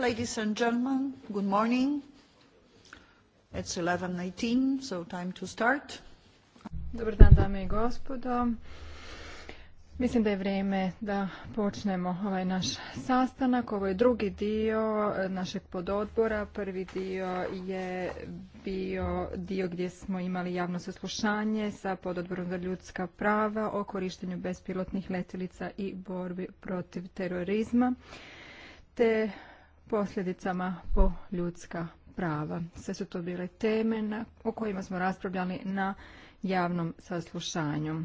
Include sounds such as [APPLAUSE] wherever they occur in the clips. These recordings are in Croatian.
Ladies and gentlemen, good morning. It's 11:18, so time to start. Dobar dan, dame i gospodo. Mislim da je vrijeme da počnemo ovaj naš sastanak. Ovo je drugi dio eh, našeg pododbora. Prvi dio je bio dio gdje smo imali javno saslušanje sa pododborom za ljudska prava o korištenju bespilotnih letjelica i borbi protiv terorizma. Te posljedicama po ljudska prava. Sve su to bile teme na, o kojima smo raspravljali na javnom saslušanju.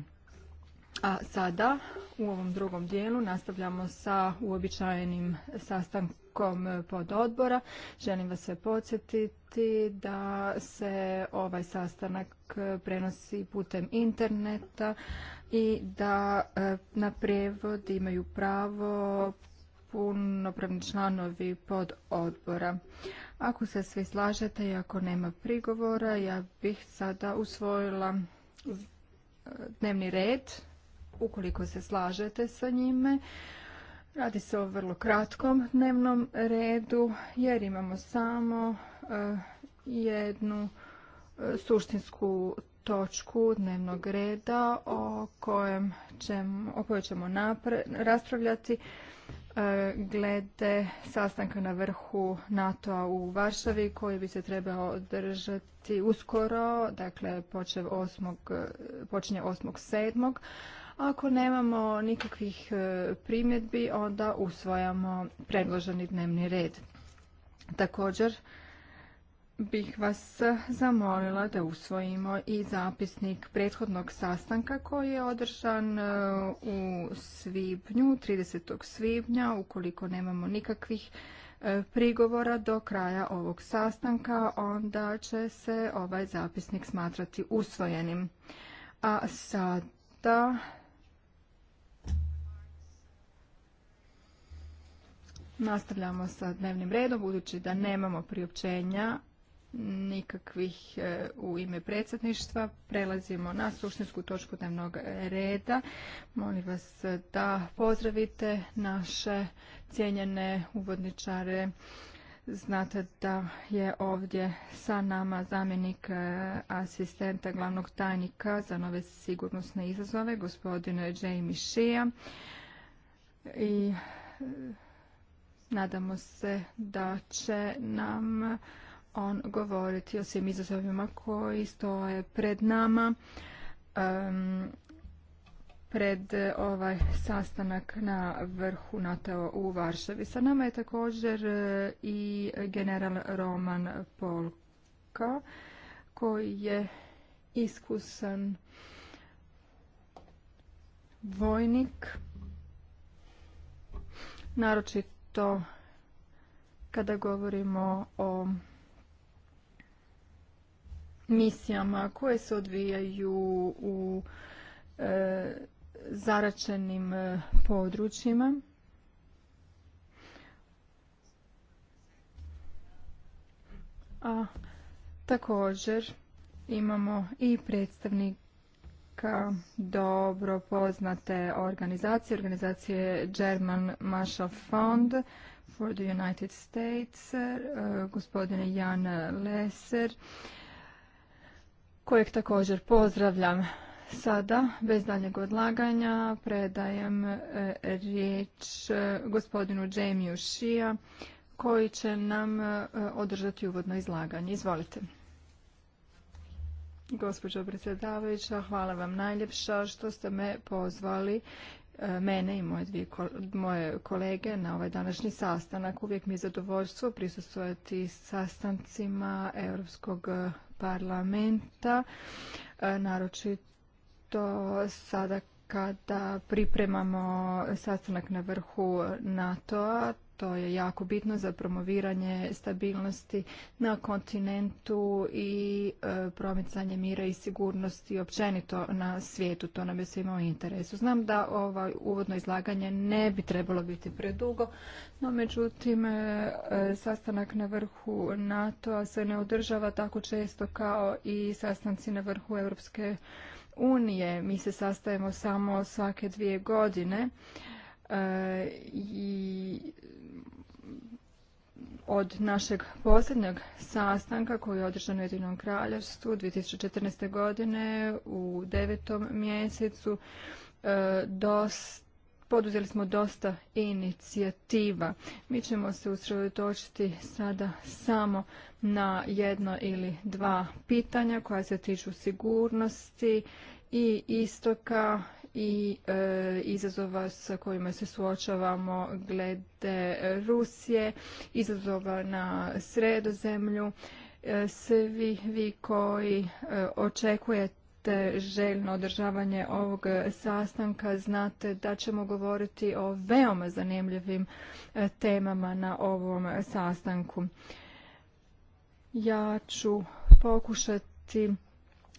A sada u ovom drugom dijelu nastavljamo sa uobičajenim sastankom pododbora. Želim vas sve podsjetiti da se ovaj sastanak prenosi putem interneta i da e, na prijevod imaju pravo punopravni članovi pod odbora. Ako se svi slažete i ako nema prigovora, ja bih sada usvojila dnevni red, ukoliko se slažete sa njime. Radi se o vrlo kratkom dnevnom redu, jer imamo samo eh, jednu eh, suštinsku točku dnevnog reda o, kojoj ćemo raspravljati glede sastanka na vrhu NATO-a u Varšavi koji bi se trebao održati uskoro, dakle počinje 8.7. Ako nemamo nikakvih e, primjedbi, onda usvojamo predloženi dnevni red. Također, bih vas zamolila da usvojimo i zapisnik prethodnog sastanka koji je održan e, u svibnju, 30. svibnja, ukoliko nemamo nikakvih e, prigovora do kraja ovog sastanka, onda će se ovaj zapisnik smatrati usvojenim. A sada Nastavljamo sa dnevnim redom, budući da nemamo priopćenja nikakvih e, u ime predsjedništva. Prelazimo na suštinsku točku dnevnog reda. Molim vas da pozdravite naše cijenjene uvodničare. Znate da je ovdje sa nama zamjenik e, asistenta glavnog tajnika za nove sigurnosne izazove, gospodin Jamie Shea. I e, nadamo se da će nam on govoriti o svim izazovima koji stoje pred nama, um, pred ovaj sastanak na vrhu NATO u Varšavi. Sa nama je također e, i general Roman Polka koji je iskusan vojnik, naročito kada govorimo o misijama koje se odvijaju u e, zaračenim e, područjima. A također imamo i predstavnika dobro poznate organizacije, organizacije German Marshall Fund for the United States, e, gospodine Jan Leser, kojeg također pozdravljam. Sada, bez daljnjeg odlaganja, predajem e, riječ e, gospodinu Jamie'u Šija, koji će nam e, održati uvodno izlaganje. Izvolite. Gospođo predsjedavajuća, hvala vam najljepša što ste me pozvali mene i moje, dvije, moje kolege na ovaj današnji sastanak. Uvijek mi je zadovoljstvo prisustvovati sastancima Europskog parlamenta, e, naročito sada kada pripremamo sastanak na vrhu NATO-a, to je jako bitno za promoviranje stabilnosti na kontinentu i e, promicanje mira i sigurnosti općenito na svijetu. To nam je svima u interesu. Znam da ovo uvodno izlaganje ne bi trebalo biti predugo, no međutim e, e, sastanak na vrhu NATO se ne održava tako često kao i sastanci na vrhu Europske unije. Mi se sastajemo samo svake dvije godine i od našeg posljednjeg sastanka koji je održan u Jedinom kraljevstvu 2014. godine u devetom mjesecu e, Poduzeli smo dosta inicijativa. Mi ćemo se usredotočiti sada samo na jedno ili dva pitanja koja se tiču sigurnosti i istoka i e, izazova s kojima se suočavamo glede Rusije, izazova na sredozemlju. E, svi vi koji e, očekujete željno održavanje ovog sastanka znate da ćemo govoriti o veoma zanimljivim e, temama na ovom sastanku. Ja ću pokušati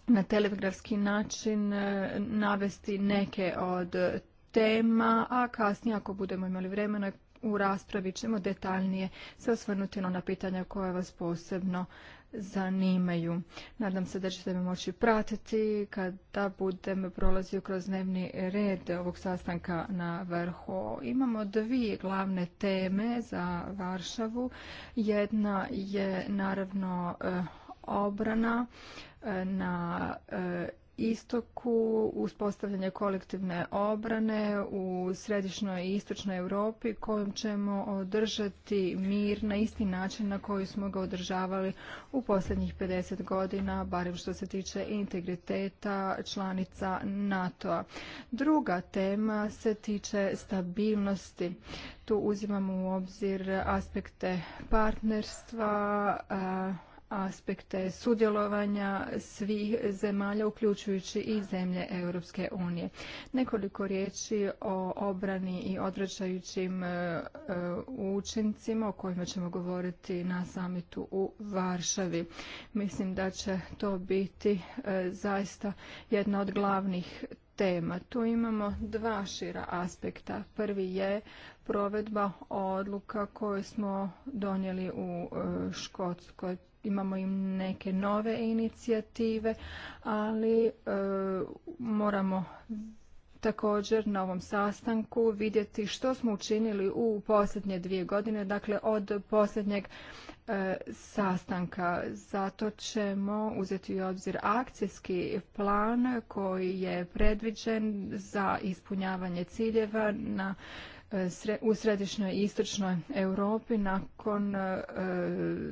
na telegrafski način e, navesti neke od tema, a kasnije ako budemo imali vremena u raspravi ćemo detaljnije se osvrnuti na pitanja koja vas posebno zanimaju. Nadam se da ćete me moći pratiti kada budem prolazio kroz dnevni red ovog sastanka na vrhu. Imamo dvije glavne teme za Varšavu. Jedna je naravno e, obrana na e, istoku uspostavljanje kolektivne obrane u središnjoj i istočnoj Europi kojom ćemo održati mir na isti način na koji smo ga održavali u posljednjih 50 godina, barem što se tiče integriteta članica NATO-a. Druga tema se tiče stabilnosti. Tu uzimamo u obzir aspekte partnerstva, aspekte sudjelovanja svih zemalja, uključujući i zemlje Europske unije. Nekoliko riječi o obrani i odvraćajućim e, e, učincima o kojima ćemo govoriti na samitu u Varšavi. Mislim da će to biti e, zaista jedna od glavnih tema. Tu imamo dva šira aspekta. Prvi je provedba odluka koju smo donijeli u Škotskoj imamo im neke nove inicijative, ali e, moramo također na ovom sastanku vidjeti što smo učinili u posljednje dvije godine, dakle od posljednjeg e, sastanka. Zato ćemo uzeti u obzir akcijski plan koji je predviđen za ispunjavanje ciljeva na u središnjoj i istočnoj Europi nakon e,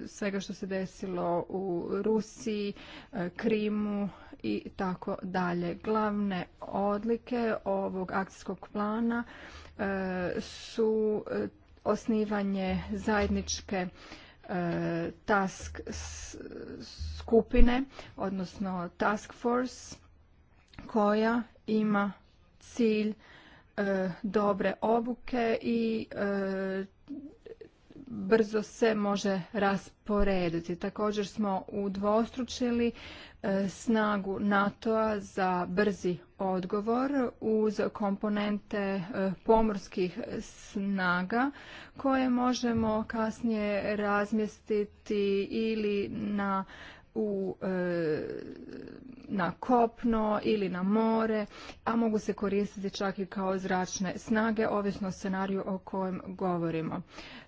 svega što se desilo u Rusiji, e, Krimu i tako dalje. Glavne odlike ovog akcijskog plana e, su osnivanje zajedničke task skupine, odnosno task force koja ima cilj E, dobre obuke i e, brzo se može rasporediti. Također smo udvostručili e, snagu NATO-a za brzi odgovor uz komponente pomorskih snaga koje možemo kasnije razmjestiti ili na u, e, na kopno ili na more, a mogu se koristiti čak i kao zračne snage, ovisno o scenariju o kojem govorimo.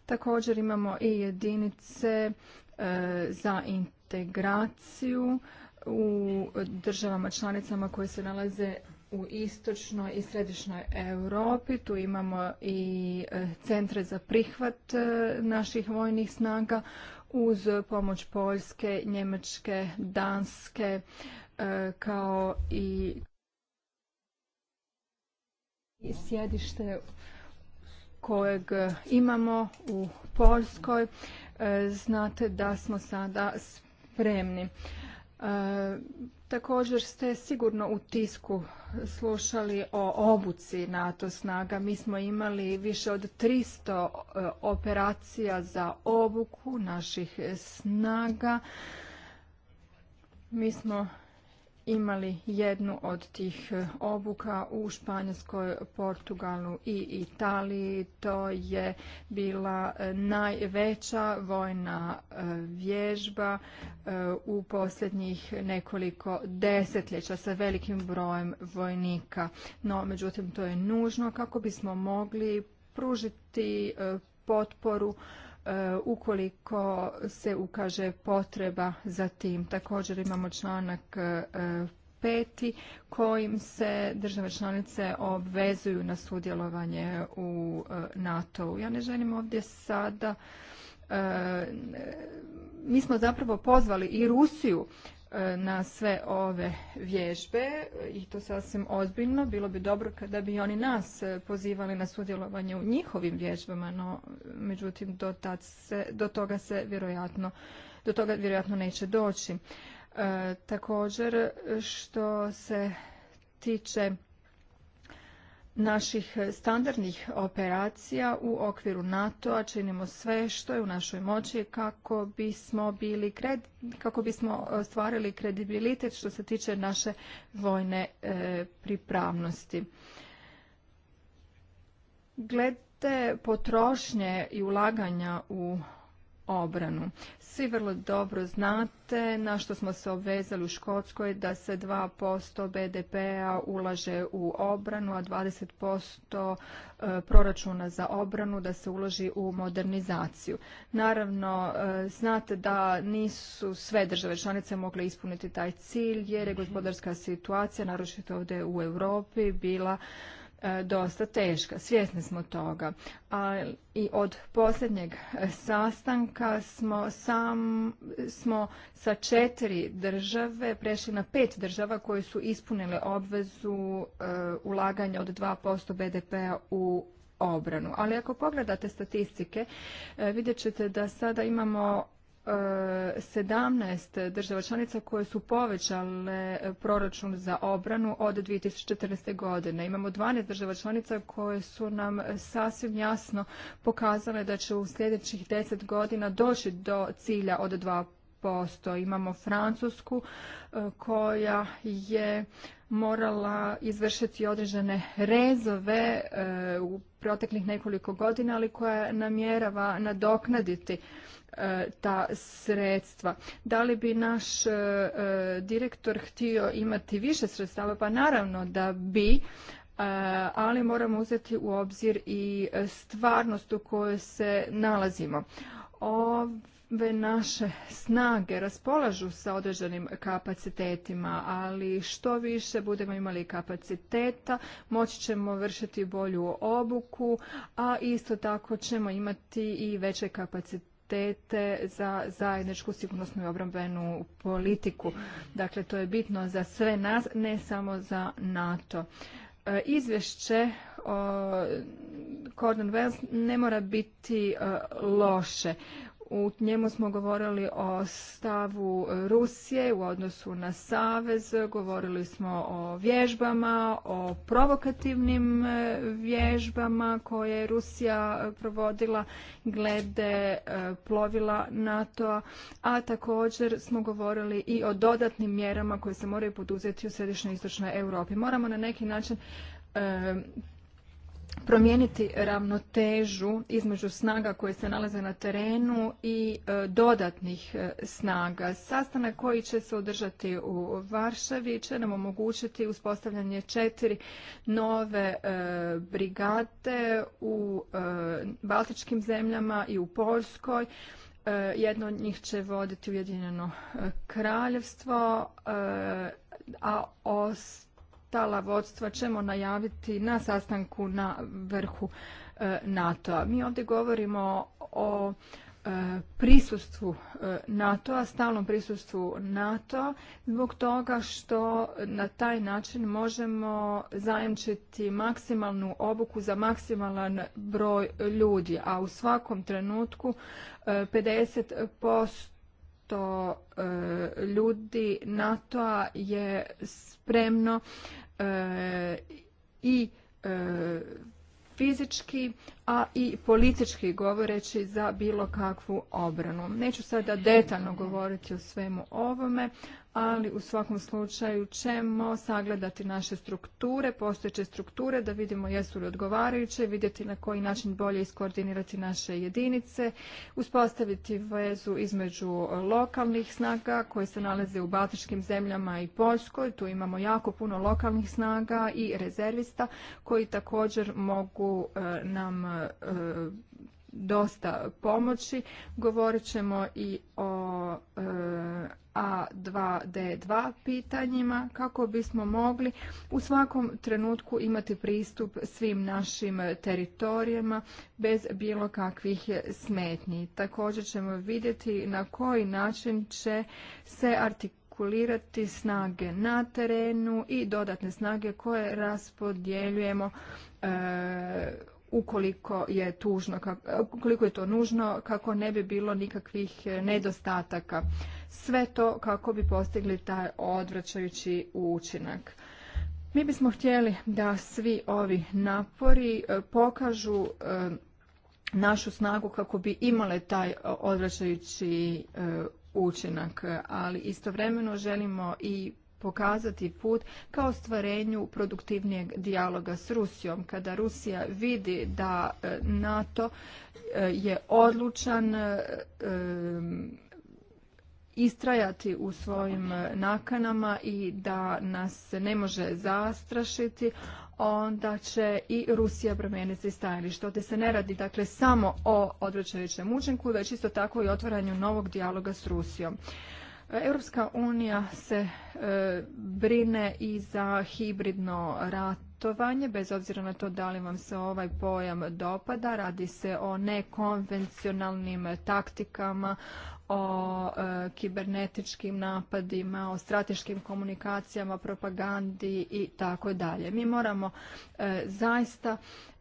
Također imamo i jedinice e, za integraciju u državama članicama koje se nalaze u istočnoj i središnjoj Europi. Tu imamo i e, centre za prihvat naših vojnih snaga uz pomoć Poljske, Njemačke, Danske e, kao i sjedište kojeg imamo u Poljskoj. E, znate da smo sada spremni. E, Također ste sigurno u tisku slušali o obuci NATO snaga. Mi smo imali više od 300 e, operacija za obuku naših snaga. Mi smo imali jednu od tih e, obuka u Španjolskoj, Portugalu i Italiji. To je bila e, najveća vojna e, vježba u posljednjih nekoliko desetljeća sa velikim brojem vojnika. No, međutim, to je nužno kako bismo mogli pružiti potporu E, ukoliko se ukaže potreba za tim. Također imamo članak e, peti kojim se države članice obvezuju na sudjelovanje u e, NATO-u. Ja ne želim ovdje sada mi smo zapravo pozvali i Rusiju E, na sve ove vježbe i to sasvim ozbiljno. Bilo bi dobro kada bi oni nas e, pozivali na sudjelovanje u njihovim vježbama, no međutim do, tad se, do toga se vjerojatno do toga vjerojatno neće doći. E, također što se tiče naših standardnih operacija u okviru NATO-a činimo sve što je u našoj moći kako bismo bili kako bismo ostvarili e, kredibilitet što se tiče naše vojne e, pripravnosti. Glede potrošnje i ulaganja u obranu. Svi vrlo dobro znate na što smo se obvezali u Škotskoj da se 2% BDP-a ulaže u obranu, a 20% e, proračuna za obranu da se uloži u modernizaciju. Naravno, e, znate da nisu sve države članice mogle ispuniti taj cilj jer je mhm. gospodarska situacija, naročito ovdje u Europi, bila E, dosta teška, svjesni smo toga. A i od posljednjeg e, sastanka smo, sam, smo sa četiri države prešli na pet država koje su ispunile obvezu e, ulaganja od 2% BDP-a u obranu. Ali ako pogledate statistike, e, vidjet ćete da sada imamo 17 država članica koje su povećale e, proračun za obranu od 2014. godine. Imamo 12 država članica koje su nam sasvim jasno pokazale da će u sljedećih 10 godina doći do cilja od 2%. Imamo Francusku e, koja je morala izvršiti određene rezove e, u proteklih nekoliko godina, ali koja namjerava nadoknaditi E, ta sredstva. Da li bi naš e, e, direktor htio imati više sredstava? Pa naravno da bi, ali moramo uzeti u obzir i stvarnost u kojoj se nalazimo. Ove naše snage raspolažu sa određenim kapacitetima, ali što više budemo imali kapaciteta, moći ćemo vršiti bolju obuku, a isto tako ćemo imati i veće kapacitete prioritete za zajedničku sigurnosnu i obrambenu politiku. Dakle, to je bitno za sve nas, ne samo za NATO. E, izvješće Cordon Wells ne mora biti e, loše. U njemu smo govorili o stavu Rusije u odnosu na Savez, govorili smo o vježbama, o provokativnim e, vježbama koje je Rusija provodila glede e, plovila NATO-a, a također smo govorili i o dodatnim mjerama koje se moraju poduzeti u središnjoj istočnoj Europi. Moramo na neki način e, promijeniti ravnotežu između snaga koje se nalaze na terenu i e, dodatnih e, snaga. Sastanak koji će se održati u Varšavi će nam omogućiti uspostavljanje četiri nove e, brigade u Baltičkim zemljama i u Poljskoj. Jedno od njih će voditi Ujedinjeno kraljevstvo, a os tala vodstva ćemo najaviti na sastanku na vrhu e, NATO-a. Mi ovdje govorimo o prisustvu e, NATO-a, stalnom prisustvu NATO-a, zbog toga što na taj način možemo zajemčiti maksimalnu obuku za maksimalan broj ljudi, a u svakom trenutku 50% e, to e, ljudi NATO-a je spremno e, i e, fizički, a i politički govoreći za bilo kakvu obranu. Neću sada detaljno govoriti o svemu ovome, ali u svakom slučaju ćemo sagledati naše strukture, postojeće strukture, da vidimo jesu li odgovarajuće, vidjeti na koji način bolje iskoordinirati naše jedinice, uspostaviti vezu između lokalnih snaga koje se nalaze u Baltičkim zemljama i Poljskoj. Tu imamo jako puno lokalnih snaga i rezervista koji također mogu eh, nam eh, dosta pomoći. Govorit ćemo i o e, A2D2 pitanjima kako bismo mogli u svakom trenutku imati pristup svim našim teritorijama bez bilo kakvih smetnji. Također ćemo vidjeti na koji način će se artikulirati snage na terenu i dodatne snage koje raspodjeljujemo e, ukoliko je, tužno, ukoliko je to nužno kako ne bi bilo nikakvih e, nedostataka. Sve to kako bi postigli taj odvraćajući učinak. Mi bismo htjeli da svi ovi napori e, pokažu e, našu snagu kako bi imale taj odvraćajući učinak, ali istovremeno želimo i pokazati put kao stvarenju produktivnijeg dijaloga s Rusijom. Kada Rusija vidi da e, NATO e, je odlučan e, istrajati u svojim nakanama i da nas ne može zastrašiti, onda će i Rusija promijeniti stajalište. Ovdje se ne radi dakle samo o odvraćajućem učinku, već isto tako i otvaranju novog dijaloga s Rusijom. Europska unija se e, brine i za hibridno ratovanje, bez obzira na to da li vam se ovaj pojam dopada. Radi se o nekonvencionalnim taktikama, o e, kibernetičkim napadima, o strateškim komunikacijama, propagandi i tako dalje. Mi moramo e, zaista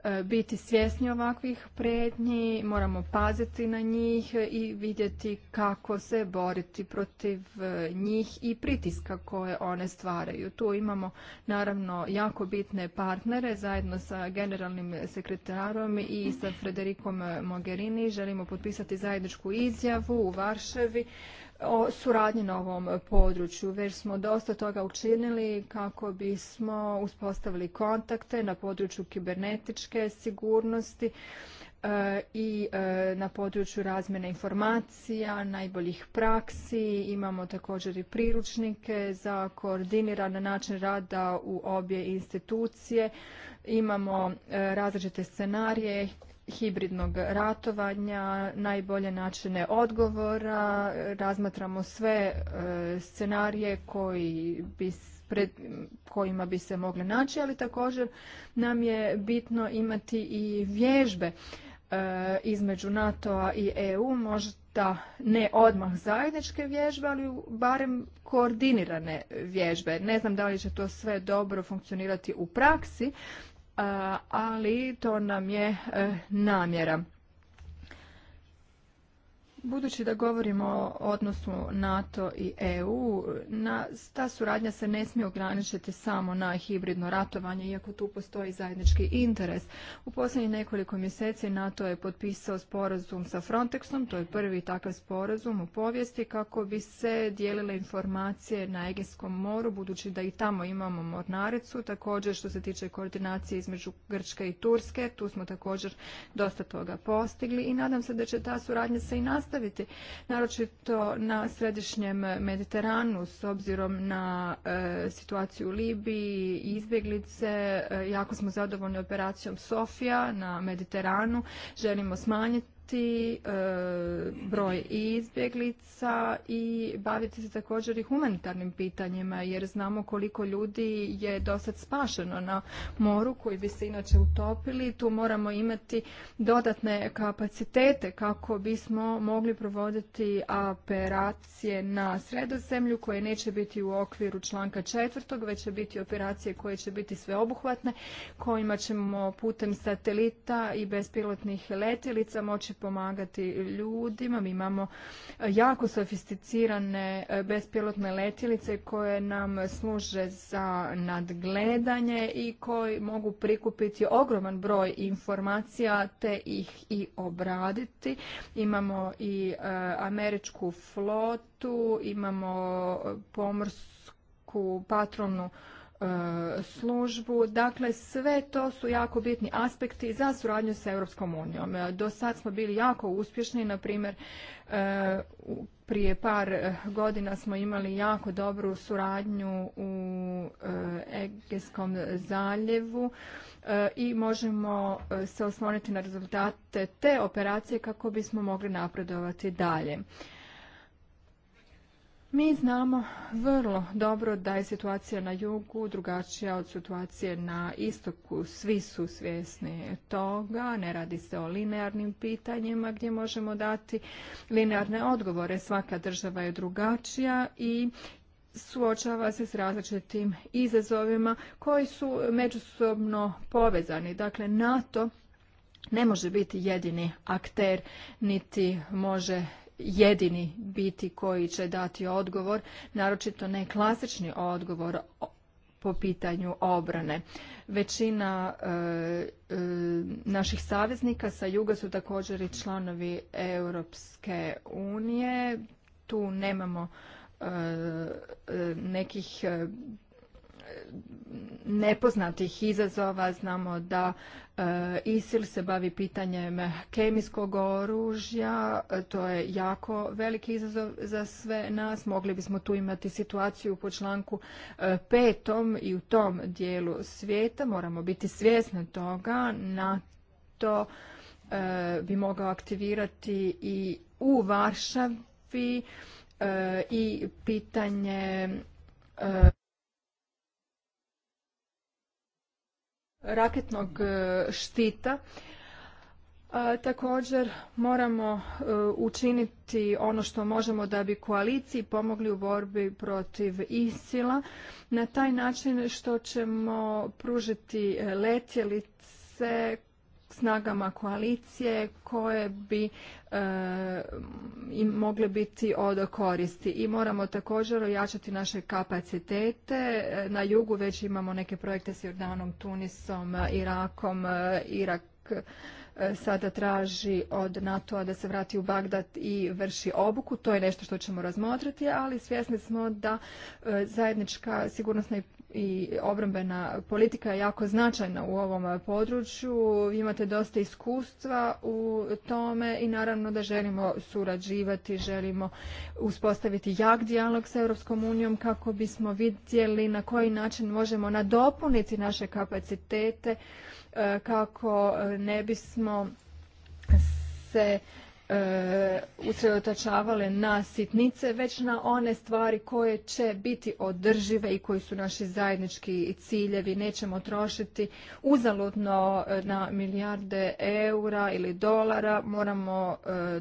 E, biti svjesni ovakvih prednji, moramo paziti na njih i vidjeti kako se boriti protiv e, njih i pritiska koje one stvaraju. Tu imamo naravno jako bitne partnere zajedno sa generalnim sekretarom i sa Frederikom Mogherini. Želimo potpisati zajedničku izjavu u Varševi o suradnji na ovom području. Već smo dosta toga učinili kako bismo uspostavili kontakte na području kibernetičke sigurnosti e, i e, na području razmjene informacija, najboljih praksi. Imamo također i priručnike za koordiniran način rada u obje institucije. Imamo e, različite scenarije hibridnog ratovanja, najbolje načine odgovora. Razmatramo sve scenarije koji bi pred kojima bi se mogle naći, ali također nam je bitno imati i vježbe e, između NATO-a i EU, možda ne odmah zajedničke vježbe, ali barem koordinirane vježbe. Ne znam da li će to sve dobro funkcionirati u praksi, ali to nam je e, namjera. Budući da govorimo o odnosu NATO i EU, na, ta suradnja se ne smije ograničiti samo na hibridno ratovanje, iako tu postoji zajednički interes. U posljednjih nekoliko mjeseci NATO je potpisao sporazum sa Frontexom, to je prvi takav sporazum u povijesti, kako bi se dijelile informacije na Egejskom moru, budući da i tamo imamo mornaricu. Također, što se tiče koordinacije između Grčke i Turske, tu smo također dosta toga postigli i nadam se da će ta suradnja se i nastaviti postaviti, naročito na središnjem Mediteranu s obzirom na e, situaciju u Libiji, izbjeglice, e, jako smo zadovoljni operacijom Sofija na Mediteranu, želimo smanjiti E, broj izbjeglica i baviti se također i humanitarnim pitanjima jer znamo koliko ljudi je dosad spašeno na moru koji bi se inače utopili. Tu moramo imati dodatne kapacitete kako bismo mogli provoditi operacije na sredozemlju koje neće biti u okviru članka četvrtog, već će biti operacije koje će biti sveobuhvatne, kojima ćemo putem satelita i bespilotnih letjelica moći pomagati ljudima. Mi imamo jako sofisticirane e, bespilotne letjelice koje nam služe za nadgledanje i koji mogu prikupiti ogroman broj informacija te ih i obraditi. Imamo i e, američku flotu, imamo pomorsku patrolnu E, službu. Dakle, sve to su jako bitni aspekti za suradnju sa Europskom unijom. E, do sad smo bili jako uspješni, na primjer, e, prije par godina smo imali jako dobru suradnju u Egeskom zaljevu i možemo se osloniti na rezultate te operacije kako bismo mogli napredovati dalje. Mi znamo vrlo dobro da je situacija na jugu drugačija od situacije na istoku. Svi su svjesni toga, ne radi se o linearnim pitanjima gdje možemo dati linearne odgovore. Svaka država je drugačija i suočava se s različitim izazovima koji su međusobno povezani. Dakle, NATO ne može biti jedini akter, niti može jedini biti koji će dati odgovor, naročito ne klasični odgovor po pitanju obrane. Većina e, e, naših saveznika sa juga su također i članovi Europske unije. Tu nemamo e, nekih nepoznatih izazova. Znamo da e, ISIL se bavi pitanjem kemijskog oružja. To je jako veliki izazov za sve nas. Mogli bismo tu imati situaciju po članku e, petom i u tom dijelu svijeta. Moramo biti svjesni toga. Na to e, bi mogao aktivirati i u Varšavi i pitanje raketnog e, štita. E, također moramo e, učiniti ono što možemo da bi koaliciji pomogli u borbi protiv isila na taj način što ćemo pružiti letjelice snagama koalicije koje bi e, im mogle biti od koristi. I moramo također ojačati naše kapacitete. Na jugu već imamo neke projekte s Jordanom, Tunisom, e, Irakom, e, Irak sada traži od NATO-a da se vrati u Bagdad i vrši obuku. To je nešto što ćemo razmotriti, ali svjesni smo da zajednička sigurnosna i i obrambena politika je jako značajna u ovom području. Imate dosta iskustva u tome i naravno da želimo surađivati, želimo uspostaviti jak dijalog sa Europskom unijom kako bismo vidjeli na koji način možemo nadopuniti naše kapacitete e, kako ne bismo se e, usredotočavale na sitnice, već na one stvari koje će biti održive i koji su naši zajednički ciljevi. Nećemo trošiti uzaludno e, na milijarde eura ili dolara. Moramo e,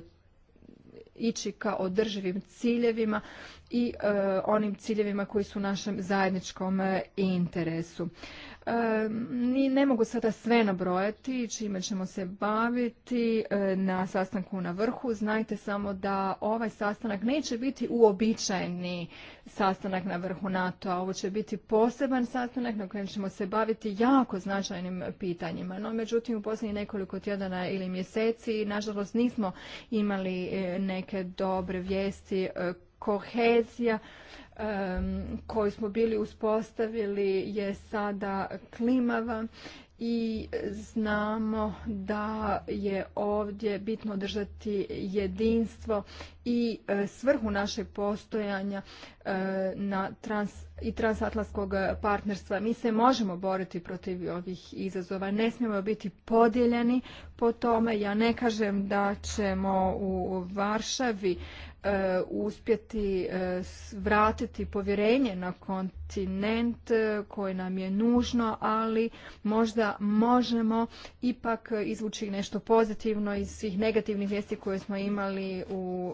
ići ka održivim ciljevima i e, onim ciljevima koji su u našem zajedničkom interesu ne mogu sada sve nabrojati čime ćemo se baviti e, na sastanku na vrhu. Znajte samo da ovaj sastanak neće biti uobičajeni sastanak na vrhu NATO-a. Ovo će biti poseban sastanak na kojem ćemo se baviti jako značajnim pitanjima. No, međutim, u posljednjih nekoliko tjedana ili mjeseci, nažalost, nismo imali e, neke dobre vijesti e, kohezija koju smo bili uspostavili je sada klimava i znamo da je ovdje bitno držati jedinstvo i e, svrhu našeg postojanja e, na trans, i transatlantskog partnerstva. Mi se možemo boriti protiv ovih izazova, ne smijemo biti podijeljeni po tome. Ja ne kažem da ćemo u Varšavi E, uspjeti e, vratiti povjerenje na kontinent e, koji nam je nužno, ali možda možemo ipak izvući nešto pozitivno iz svih negativnih vijesti koje smo imali u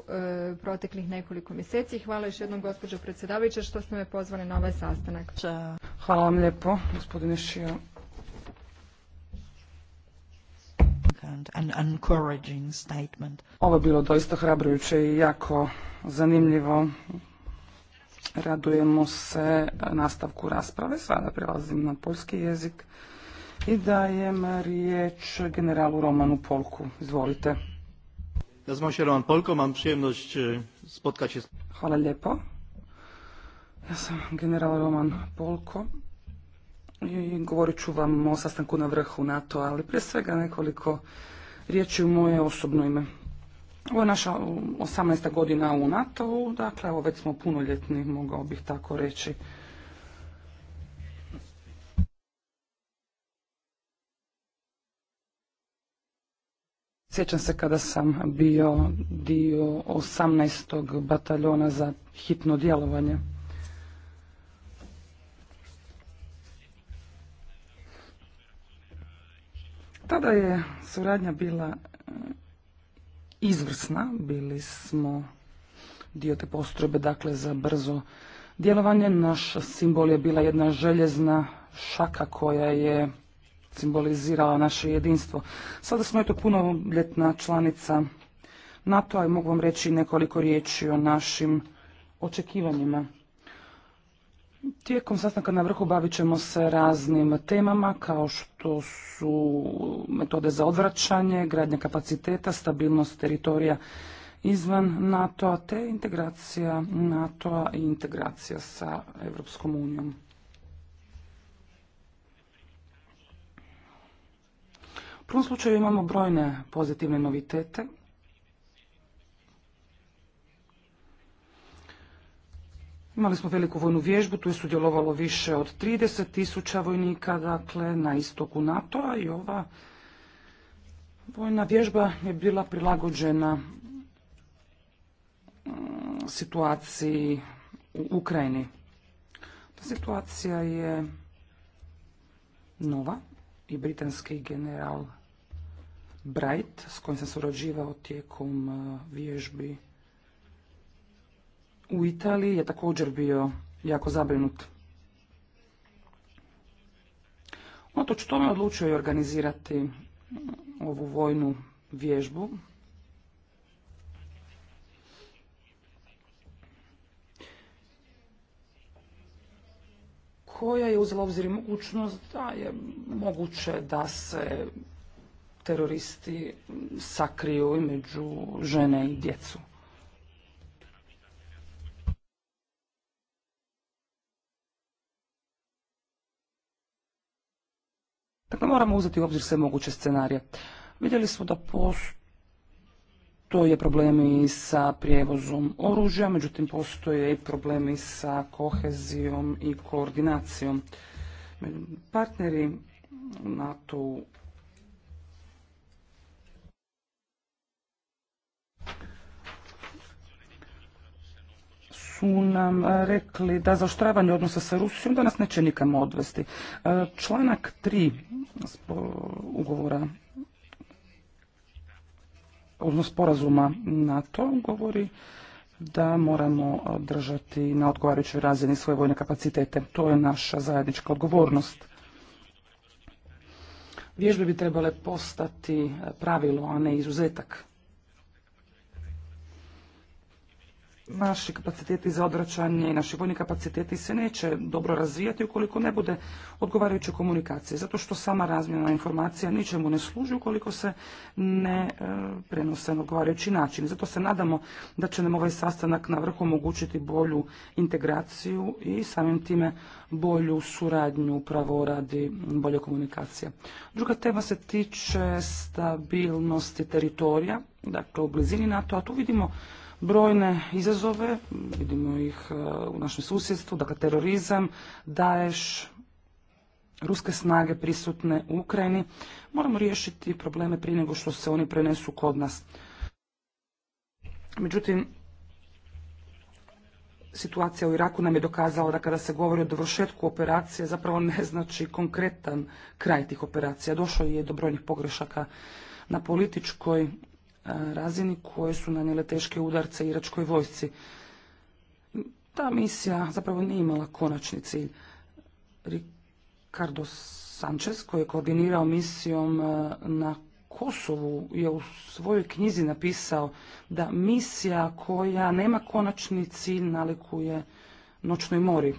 proteklih nekoliko mjeseci. Hvala još jednom gospođo predsjedavajuća što ste me pozvali na ovaj sastanak. Hvala vam lijepo gospodine Šio. encouraging statement. Ovo je bilo doista hrabrujuće i jako zanimljivo. Radujemo se nastavku rasprave. Sada prelazim na poljski jezik i dajem riječ generalu Romanu Polku. Izvolite. da smo Roman Polko, mam przyjemność e, spotkać Hvala lijepo. Ja sam general Roman Polko i govorit ću vam o sastanku na vrhu NATO, ali prije svega nekoliko riječi u moje osobno ime. Ovo je naša 18. godina u nato dakle, evo već smo punoljetni, mogao bih tako reći. Sjećam se kada sam bio dio 18. bataljona za hitno djelovanje. Tada je suradnja bila e, izvrsna, bili smo dio te postrojbe, dakle, za brzo djelovanje. Naš simbol je bila jedna željezna šaka koja je simbolizirala naše jedinstvo. Sada smo eto punoljetna članica NATO-a i mogu vam reći nekoliko riječi o našim očekivanjima. Tijekom sastanka na vrhu bavit ćemo se raznim temama kao što su metode za odvraćanje, gradnje kapaciteta, stabilnost teritorija izvan NATO-a te integracija NATO-a i integracija sa Europskom unijom. U prvom slučaju imamo brojne pozitivne novitete Imali smo veliku vojnu vježbu, tu je sudjelovalo više od 30 tisuća vojnika, dakle, na istoku NATO-a i ova vojna vježba je bila prilagođena mm, situaciji u Ukrajini. Ta situacija je nova i britanski general Bright, s kojim sam surađivao tijekom eh, vježbi u Italiji je također bio jako zabrinut. Unatoč tome odlučio je organizirati ovu vojnu vježbu. koja je uzela obzir mogućnost da je moguće da se teroristi sakriju među žene i djecu. Dakle, moramo uzeti u obzir sve moguće scenarije. Vidjeli smo da postoje problemi sa prijevozom oružja, međutim postoje i problemi sa kohezijom i koordinacijom. Partneri NATO nam e, rekli da zaoštravanje odnosa sa Rusijom da nas neće nikamo odvesti. E, članak 3 ugovora odnosno sporazuma NATO govori da moramo držati na odgovarajućoj razini svoje vojne kapacitete. To je naša zajednička odgovornost. Vježbe bi trebale postati pravilo, a ne izuzetak. naši kapaciteti za odvraćanje i naši vojni kapaciteti se neće dobro razvijati ukoliko ne bude odgovarajuće komunikacije, zato što sama razmjena informacija ničemu ne služi ukoliko se ne e, prenose na odgovarajući način. Zato se nadamo da će nam ovaj sastanak na vrhu omogućiti bolju integraciju i samim time bolju suradnju upravo radi bolje komunikacije. Druga tema se tiče stabilnosti teritorija, dakle u blizini NATO, a tu vidimo brojne izazove, vidimo ih e, u našem susjedstvu, dakle terorizam, daješ, ruske snage prisutne u Ukrajini. Moramo riješiti probleme prije nego što se oni prenesu kod nas. Međutim, situacija u Iraku nam je dokazala da kada se govori o dovršetku operacije, zapravo ne znači konkretan kraj tih operacija. Došlo je do brojnih pogrešaka na političkoj E, razini koje su nanijele teške udarce iračkoj vojsci. Ta misija zapravo nije imala konačni cilj. Ricardo Sanchez, koji je koordinirao misijom e, na Kosovu, je u svojoj knjizi napisao da misija koja nema konačni cilj nalikuje noćnoj mori.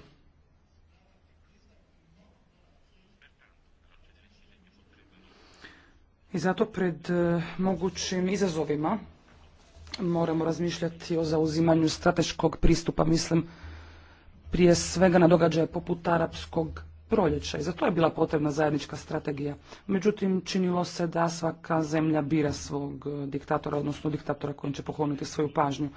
I zato pred e, mogućim izazovima moramo razmišljati o zauzimanju strateškog pristupa, mislim prije svega na događaje poput arapskog proljeća i za to je bila potrebna zajednička strategija. Međutim, činilo se da svaka zemlja bira svog e, diktatora, odnosno diktatora kojim će pokloniti svoju pažnju.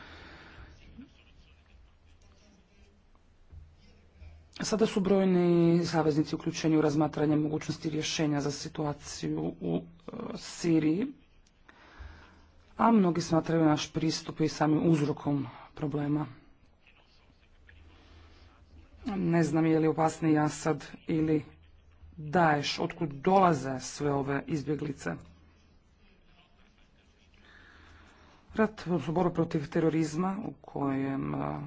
Sada su brojni saveznici uključeni u razmatranje mogućnosti rješenja za situaciju u e, Siriji, a mnogi smatraju naš pristup i samim uzrokom problema. Ne znam je li opasniji Asad ili Daješ, otkud dolaze sve ove izbjeglice. Rat, odnosno protiv terorizma u kojem e,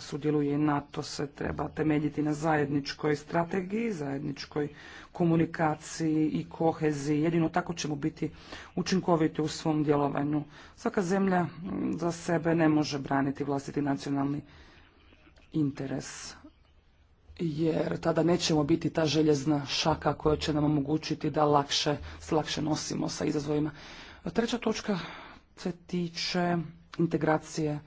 sudjeluje NATO se treba temeljiti na zajedničkoj strategiji, zajedničkoj komunikaciji i koheziji. Jedino tako ćemo biti učinkoviti u svom djelovanju. Svaka zemlja za sebe ne može braniti vlastiti nacionalni interes jer tada nećemo biti ta željezna šaka koja će nam omogućiti da lakše, lakše nosimo sa izazovima. Treća točka se tiče integracije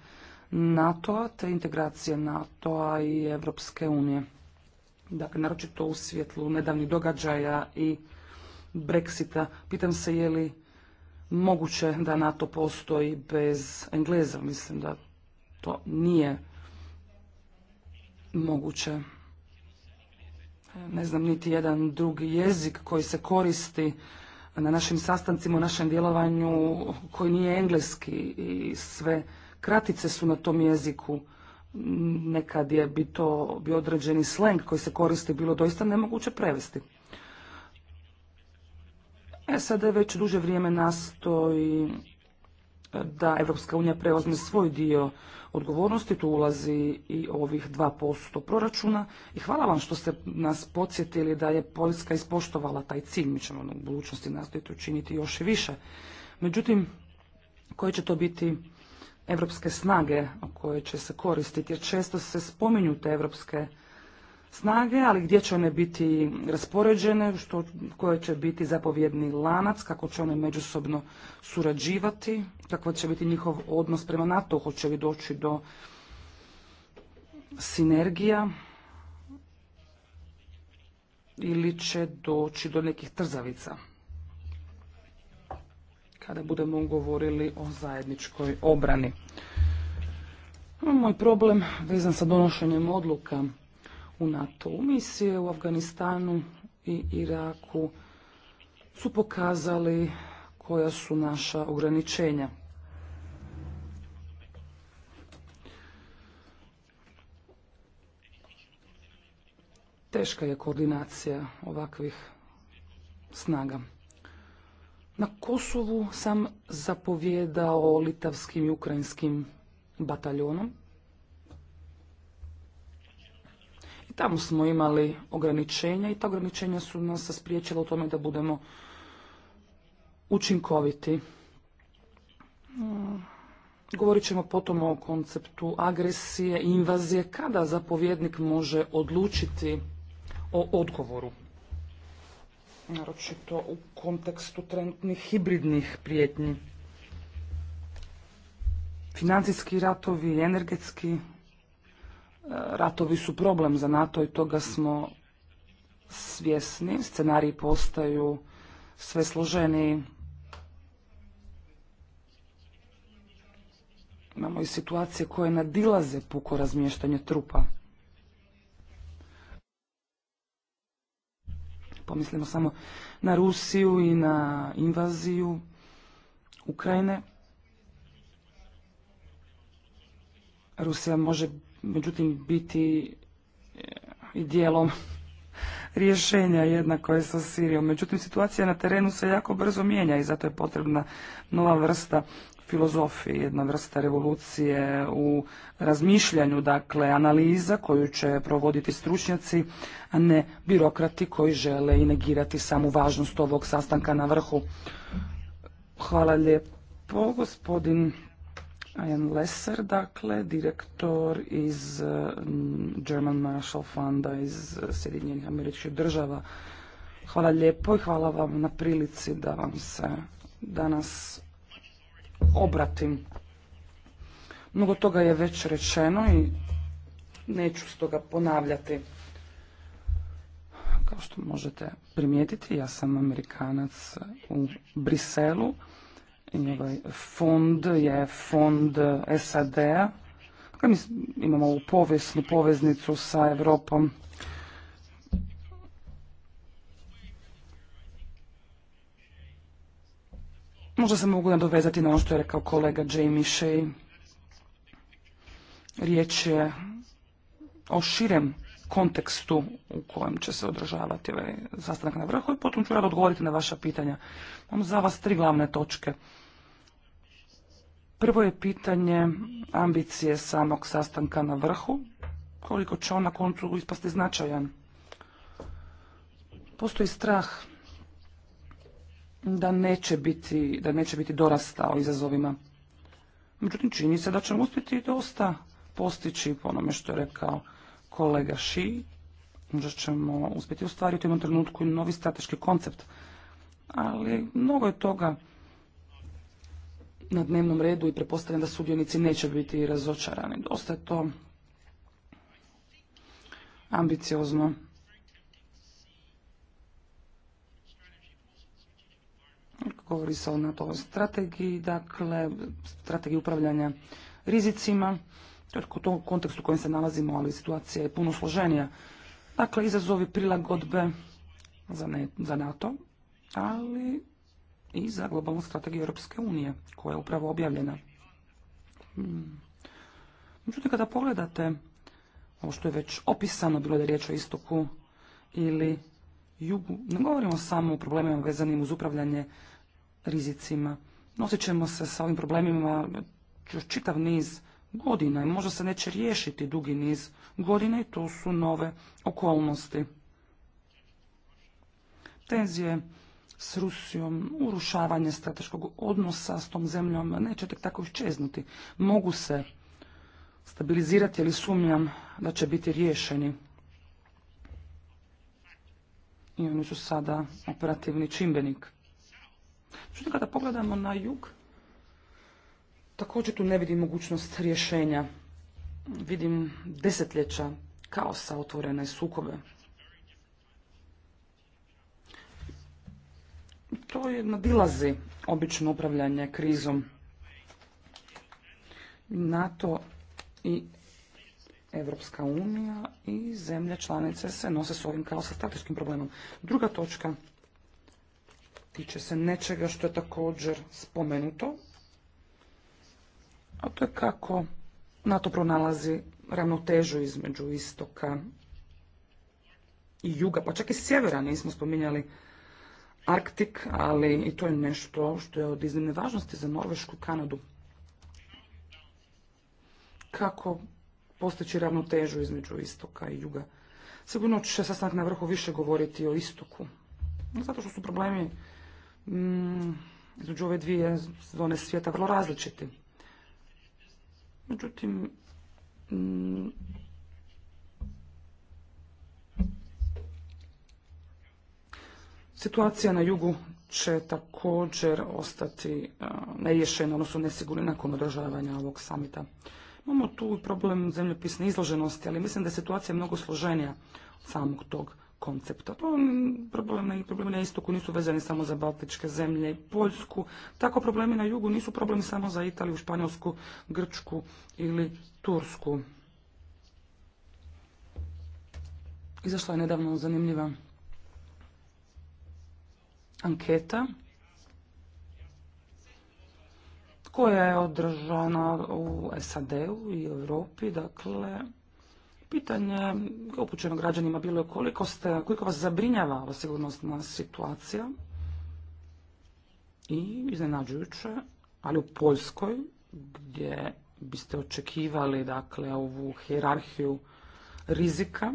NATO-a te integracije NATO-a i Evropske unije. Dakle, naročito u svjetlu nedavnih događaja i Brexita. Pitam se je li moguće da NATO postoji bez Engleza. Mislim da to nije moguće. Ne znam niti jedan drugi jezik koji se koristi na našim sastancima, u našem djelovanju koji nije engleski i sve kratice su na tom jeziku. Nekad je bi to bio određeni sleng koji se koristi bilo doista nemoguće prevesti. E sada već duže vrijeme nastoji da Evropska unija preozme svoj dio odgovornosti, tu ulazi i ovih 2% proračuna i hvala vam što ste nas podsjetili da je Poljska ispoštovala taj cilj, mi ćemo u budućnosti nastojiti učiniti još i više. Međutim, koje će to biti evropske snage koje će se koristiti, jer često se spominju te evropske snage, ali gdje će one biti raspoređene, što, koje će biti zapovjedni lanac, kako će one međusobno surađivati, kako će biti njihov odnos prema NATO, hoće li doći do sinergija ili će doći do nekih trzavica kada budemo govorili o zajedničkoj obrani. Moj problem vezan sa donošenjem odluka u NATO u misije u Afganistanu i Iraku su pokazali koja su naša ograničenja. Teška je koordinacija ovakvih snaga. Na Kosovu sam zapovjedao litavskim i ukrajinskim bataljonom. I tamo smo imali ograničenja i ta ograničenja su nas spriječila u tome da budemo učinkoviti. Govorit ćemo potom o konceptu agresije i invazije kada zapovjednik može odlučiti o odgovoru naročito u kontekstu trenutnih hibridnih prijetnji. Financijski ratovi, energetski e, ratovi su problem za NATO i toga smo svjesni. Scenariji postaju sve složeni Imamo i situacije koje nadilaze puko razmještanje trupa. Pomislimo samo na Rusiju i na invaziju Ukrajine. Rusija može međutim biti e, i dijelom [LAUGHS] rješenja jednako je sa Sirijom. Međutim, situacija na terenu se jako brzo mijenja i zato je potrebna nova vrsta filozofiji, jedna vrsta revolucije u razmišljanju, dakle analiza koju će provoditi stručnjaci, a ne birokrati koji žele i negirati samu važnost ovog sastanka na vrhu. Hvala lijepo, gospodin Ian Lesser, dakle, direktor iz mm, German Marshall Funda iz Sjedinjenih američkih država. Hvala lijepo i hvala vam na prilici da vam se danas obratim. Mnogo toga je već rečeno i neću stoga ponavljati. Kao što možete primijetiti, ja sam Amerikanac u Briselu. I ovaj fond je fond SAD-a. imamo ovu povijesnu poveznicu sa Europom. Možda se mogu nadovezati na ono što je rekao kolega Jamie Shea. Riječ je o širem kontekstu u kojem će se održavati ovaj sastanak na vrhu i potom ću rad odgovoriti na vaša pitanja. Imam za vas tri glavne točke. Prvo je pitanje ambicije samog sastanka na vrhu, koliko će on na koncu ispasti značajan. Postoji strah da neće biti, da neće biti dorastao izazovima. Međutim, čini se da ćemo uspjeti dosta postići po onome što je rekao kolega Ši. Možda ćemo uspjeti ostvariti u jednom trenutku i novi strateški koncept. Ali mnogo je toga na dnevnom redu i prepostavljam da sudionici neće biti razočarani. Dosta je to ambiciozno. Govori se o NATO strategiji, dakle, strategiji upravljanja rizicima, dakle, u tom kontekstu u kojem se nalazimo, ali situacija je puno složenija. Dakle, izazovi prilagodbe za, za NATO, ali i za globalnu strategiju Europske unije, koja je upravo objavljena. Hmm. Međutim, kada pogledate ovo što je već opisano, bilo da je riječ o istoku ili jugu. Ne govorimo samo o problemima vezanim uz upravljanje rizicima. Nosit ćemo se sa ovim problemima još čitav niz godina i možda se neće riješiti dugi niz godina i to su nove okolnosti. Tenzije s Rusijom, urušavanje strateškog odnosa s tom zemljom neće tek tako iščeznuti. Mogu se stabilizirati, ali sumnjam da će biti riješeni i oni su sada operativni čimbenik. Što kada pogledamo na jug, također tu ne vidim mogućnost rješenja. Vidim desetljeća kaosa, otvorene sukobe. To je nadilazi obično upravljanje krizom. NATO i Evropska unija i zemlje članice se nose s ovim kao sa strateškim problemom. Druga točka tiče se nečega što je također spomenuto, a to je kako NATO pronalazi ravnotežu između istoka i juga, pa čak i sjevera nismo spominjali Arktik, ali i to je nešto što je od iznimne važnosti za Norvešku Kanadu. Kako postići ravnotežu između istoka i juga. Sigurno će sastanak na vrhu više govoriti o istoku. Zato što su problemi mm, između ove dvije zone svijeta vrlo različiti. Međutim, mm, situacija na jugu će također ostati neriješena, odnosno nesigurna nakon održavanja ovog samita. Imamo tu problem zemljopisne izloženosti, ali mislim da je situacija mnogo složenija od samog tog koncepta. Problemi, problemi na istoku nisu vezani samo za Baltičke zemlje i Poljsku. Tako problemi na jugu nisu problemi samo za Italiju, Španjolsku, Grčku ili Tursku. Izašla je nedavno zanimljiva anketa koja je održana u SAD-u i Europi, dakle, pitanje upućeno građanima bilo je koliko, ste, koliko vas zabrinjava ova sigurnosna situacija i iznenađujuće, ali u Poljskoj gdje biste očekivali dakle ovu hierarhiju rizika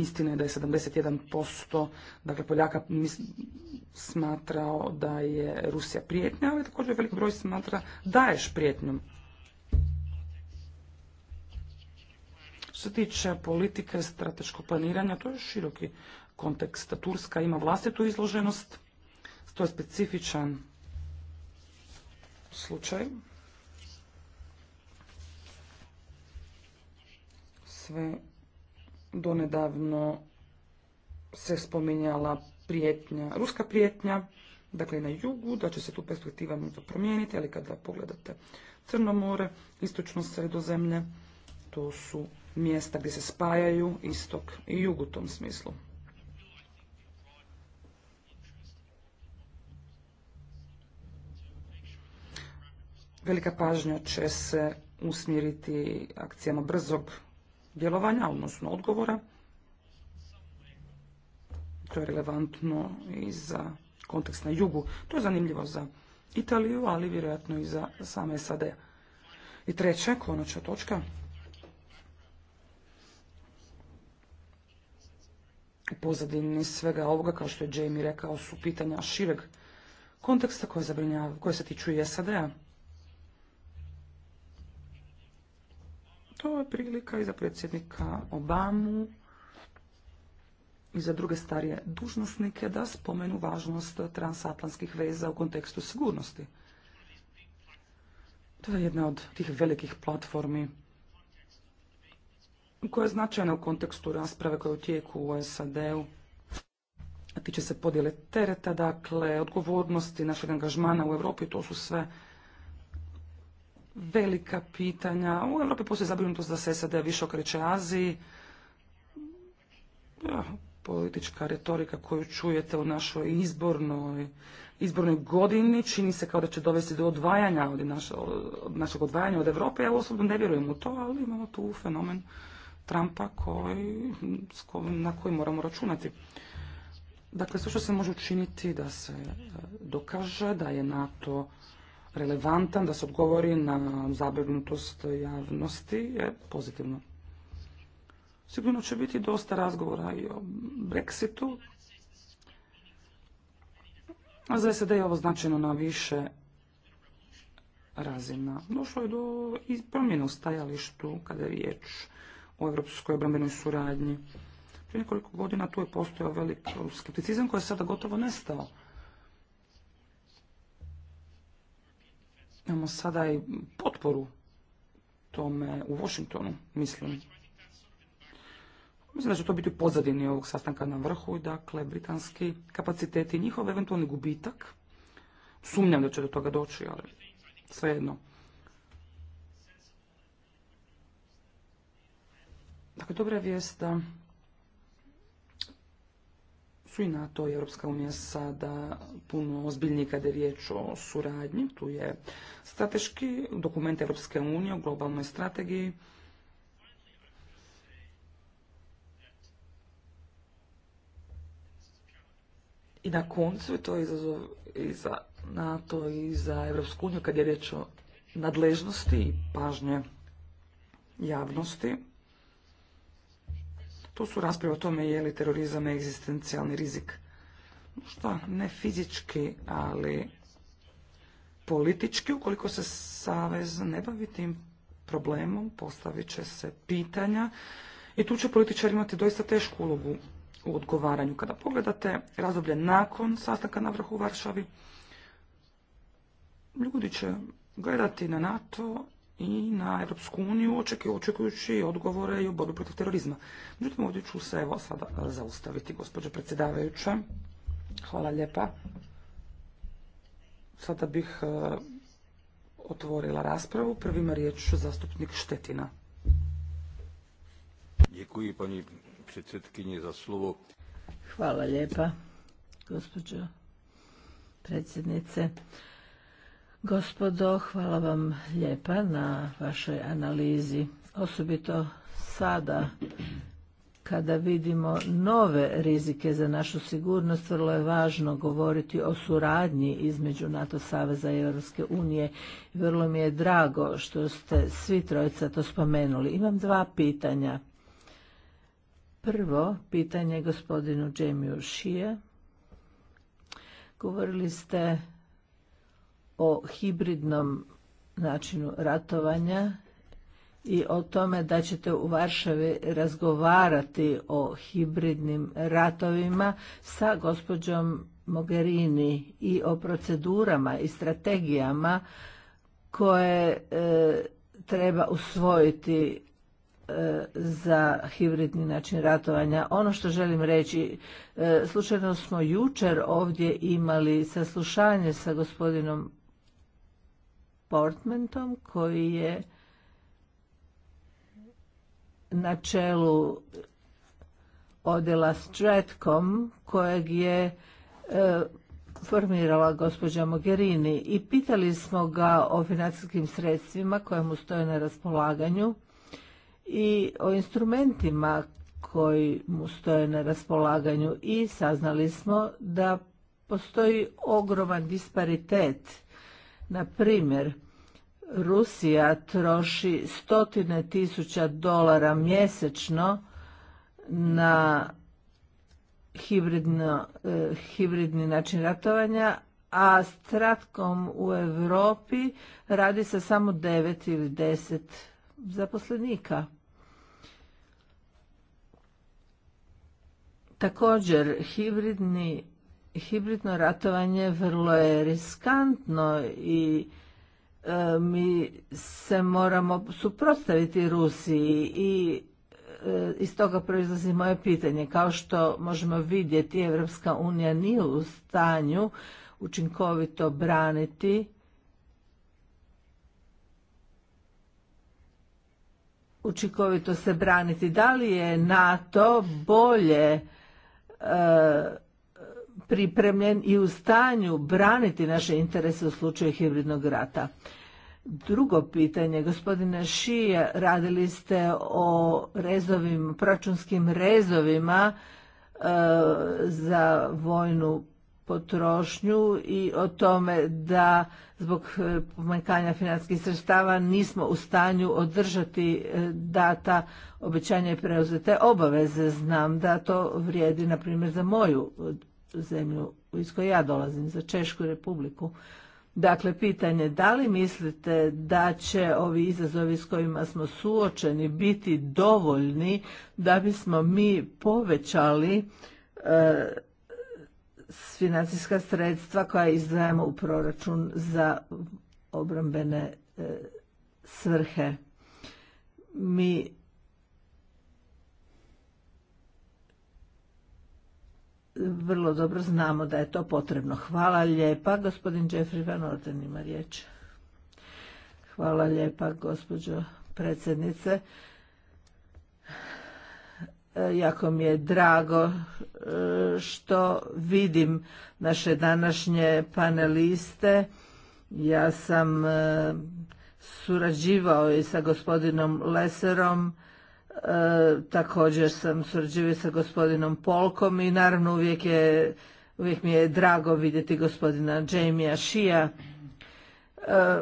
Istina je da je 71% dakle, Poljaka smatrao da je Rusija prijetnja, ali također velik broj smatra daješ prijetnjom. Što se tiče politike, strateškog planiranja, to je široki kontekst. Turska ima vlastitu izloženost, to je specifičan slučaj. Sve donedavno se spominjala prijetnja, ruska prijetnja, dakle na jugu, da će se tu perspektiva možda promijeniti, ali kada pogledate Crno more, istočno sredozemlje, to su mjesta gdje se spajaju istok i jug u tom smislu. Velika pažnja će se usmjeriti akcijama brzog djelovanja, odnosno odgovora. To je relevantno i za kontekst na jugu. To je zanimljivo za Italiju, ali vjerojatno i za same SAD. I treća, konačna točka. U pozadini svega ovoga, kao što je Jamie rekao, su pitanja šireg konteksta koje, koje se tiču i SAD-a. to je prilika i za predsjednika Obamu i za druge starije dužnosnike da spomenu važnost transatlantskih veza u kontekstu sigurnosti. To je jedna od tih velikih platformi koja je značajna u kontekstu rasprave koja je u tijeku u SAD-u. Tiče se podjele tereta, dakle, odgovornosti našeg angažmana u Europi, to su sve velika pitanja. U Europi postoji zabrinutost da se SAD više okreće Aziji. politička retorika koju čujete u našoj izbornoj, izbornoj godini čini se kao da će dovesti do odvajanja od, našo, od našeg odvajanja od Europe. Ja osobno ne vjerujem u to, ali imamo tu fenomen Trumpa koji, na koji moramo računati. Dakle, sve što se može učiniti da se e, dokaže da je NATO relevantan, da se odgovori na zabrinutost javnosti je pozitivno. Sigurno će biti dosta razgovora i o Brexitu. A za SED je ovo značajno na više razina. Došlo je do promjene u stajalištu kada je riječ o europskoj obrambenoj suradnji. Prije nekoliko godina tu je postojao velik skepticizam koji je sada gotovo nestao. Imamo sada i potporu tome u Washingtonu, mislim. Mislim da će to biti u pozadini ovog sastanka na vrhu, dakle, britanski kapaciteti i njihov eventualni gubitak. Sumnjam da će do toga doći, ali svejedno. Dakle, dobra vijest da su i NATO i Europska unija sada puno ozbiljniji kada je riječ o suradnji. Tu je strateški dokument Europske unije o globalnoj strategiji. I na koncu to je izazov i za NATO i za Europsku uniju kad je riječ o nadležnosti i pažnje javnosti. To su rasprave o tome je li terorizam egzistencijalni rizik. Što ne fizički, ali politički, ukoliko se Savez ne bavi tim problemom, postavit će se pitanja i tu će političar imati doista tešku ulogu u odgovaranju. Kada pogledate razdoblje nakon sastanka na vrhu u Varšavi, ljudi će gledati na NATO i na Europsku uniju očekujući odgovore i u protiv terorizma. Međutim, ovdje ću se evo sada zaustaviti, gospođa predsjedavajuća. Hvala lijepa. Sada bih e, otvorila raspravu. Prvima riječ zastupnik Štetina. Děkuji, paní predsjedkinje, za slovo. Hvala lijepa, gospođo predsjednice. Gospodo, hvala vam lijepa na vašoj analizi, osobito sada kada vidimo nove rizike za našu sigurnost, vrlo je važno govoriti o suradnji između NATO Saveza i Europske unije. Vrlo mi je drago što ste svi trojica to spomenuli. Imam dva pitanja. Prvo, pitanje gospodinu Džemiju Šije. Govorili ste o hibridnom načinu ratovanja i o tome da ćete u Varšavi razgovarati o hibridnim ratovima sa gospođom Mogherini i o procedurama i strategijama koje e, treba usvojiti e, za hibridni način ratovanja. Ono što želim reći, e, slučajno smo jučer ovdje imali saslušanje sa gospodinom Portmentom koji je na čelu odjela Stratcom kojeg je e, formirala gospođa Mogherini i pitali smo ga o financijskim sredstvima koje mu stoje na raspolaganju i o instrumentima koji mu stoje na raspolaganju i saznali smo da postoji ogroman disparitet. Na primjer, Rusija troši stotine tisuća dolara mjesečno na hibridno, e, hibridni način ratovanja, a stratkom u Europi radi se samo 9 ili 10 zaposlenika. Također, hibridni, hibridno ratovanje vrlo je riskantno i E, mi se moramo suprotstaviti Rusiji i e, iz toga proizlazi moje pitanje. Kao što možemo vidjeti, Evropska unija nije u stanju učinkovito braniti učinkovito se braniti. Da li je NATO bolje e, pripremljen i u stanju braniti naše interese u slučaju hibridnog rata. Drugo pitanje, gospodine Šija, radili ste o rezovim, proračunskim rezovima e, za vojnu potrošnju i o tome da zbog e, pomanjkanja financijskih sredstava nismo u stanju održati e, data obećanja i preuzete obaveze. Znam da to vrijedi, na primjer, za moju zemlju iz koje ja dolazim, za Češku republiku. Dakle, pitanje da li mislite da će ovi izazovi s kojima smo suočeni biti dovoljni da bismo mi povećali e, financijska sredstva koja izdajemo u proračun za obrambene e, svrhe. Mi vrlo dobro znamo da je to potrebno. Hvala lijepa. Gospodin Jeffrey Van Orden ima riječ. Hvala lijepa, gospođo predsjednice. E, jako mi je drago e, što vidim naše današnje paneliste. Ja sam e, surađivao i sa gospodinom Leserom E, također sam surađivao sa gospodinom Polkom i naravno uvijek je uvijek mi je drago vidjeti gospodina Jamija Šija. E, e,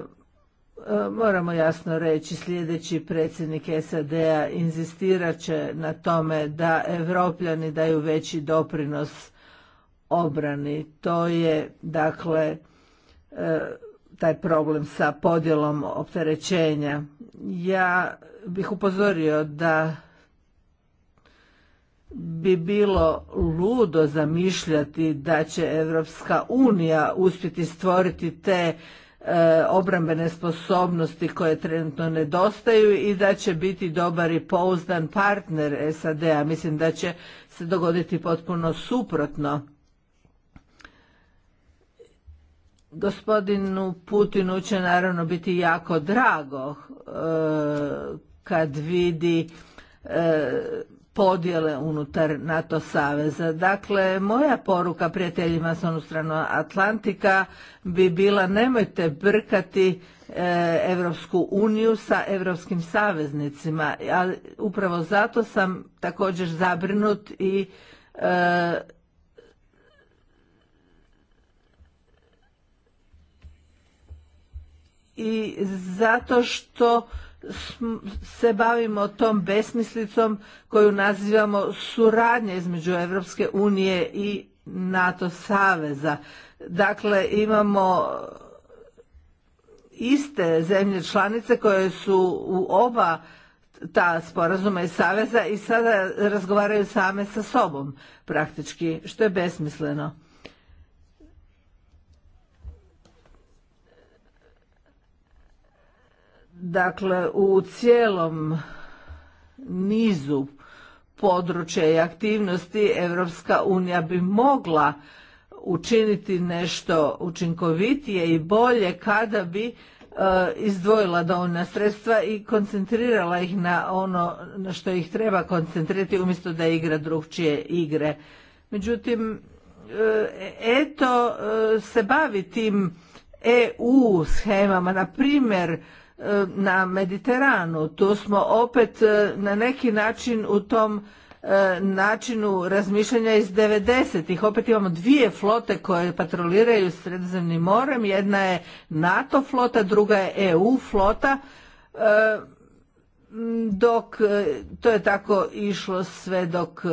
moramo jasno reći, sljedeći predsjednik SAD-a inzistirat će na tome da Evropljani daju veći doprinos obrani. To je, dakle, e, taj problem sa podjelom opterećenja. Ja bih upozorio da bi bilo ludo zamišljati da će europska unija uspjeti stvoriti te e, obrambene sposobnosti koje trenutno nedostaju i da će biti dobar i pouzdan partner SAD-a. Mislim da će se dogoditi potpuno suprotno. Gospodinu Putinu će naravno biti jako drago e, kad vidi e, podjele unutar NATO saveza. Dakle, moja poruka prijateljima s onu stranu Atlantika bi bila nemojte brkati e, Evropsku uniju sa Evropskim saveznicima. Ali upravo zato sam također zabrinut i e, i zato što se bavimo tom besmislicom koju nazivamo suradnje između Europske unije i NATO saveza. Dakle, imamo iste zemlje članice koje su u oba ta sporazuma i saveza i sada razgovaraju same sa sobom praktički, što je besmisleno. Dakle, u cijelom nizu područja i aktivnosti Europska unija bi mogla učiniti nešto učinkovitije i bolje kada bi e, izdvojila dovoljna sredstva i koncentrirala ih na ono na što ih treba koncentrirati umjesto da igra drugčije igre. Međutim, e, eto e, se bavi tim EU schemama, na primjer na Mediteranu. Tu smo opet e, na neki način u tom e, načinu razmišljanja iz 90-ih. Opet imamo dvije flote koje patroliraju sredozemnim morem. Jedna je NATO flota, druga je EU flota. E, dok to je tako išlo sve dok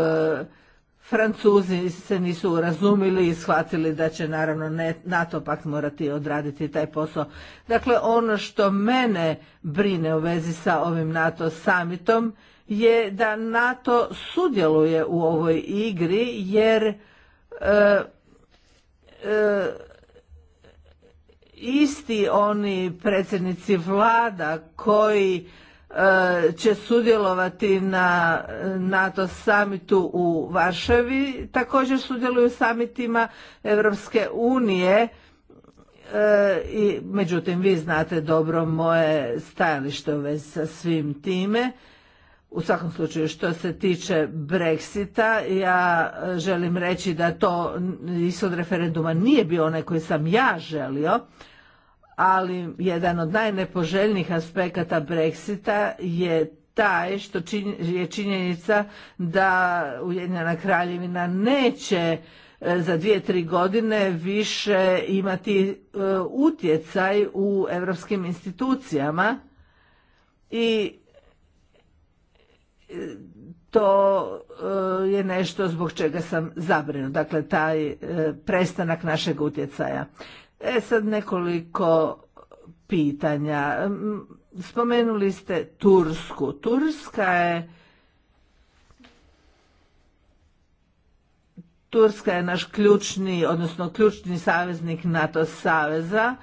Francuzi se nisu razumili i shvatili da će naravno NATO pak morati odraditi taj posao. Dakle, ono što mene brine u vezi sa ovim NATO samitom je da NATO sudjeluje u ovoj igri jer e, e, isti oni predsjednici vlada koji E, će sudjelovati na NATO samitu u Varšavi, također sudjeluju u samitima Europske unije e, i međutim vi znate dobro moje stajalište u vezi sa svim time. U svakom slučaju što se tiče Brexita, ja želim reći da to ishod referenduma nije bio onaj koji sam ja želio, ali jedan od najnepoželjnijih aspekata Brexita je taj što je činjenica da Ujedinjena kraljevina neće e, za dvije, tri godine više imati e, utjecaj u europskim institucijama i e, to je nešto zbog čega sam zabrinut, dakle taj prestanak našeg utjecaja. E sad nekoliko pitanja. Spomenuli ste Tursku. Turska je Turska je naš ključni, odnosno ključni saveznik NATO saveza.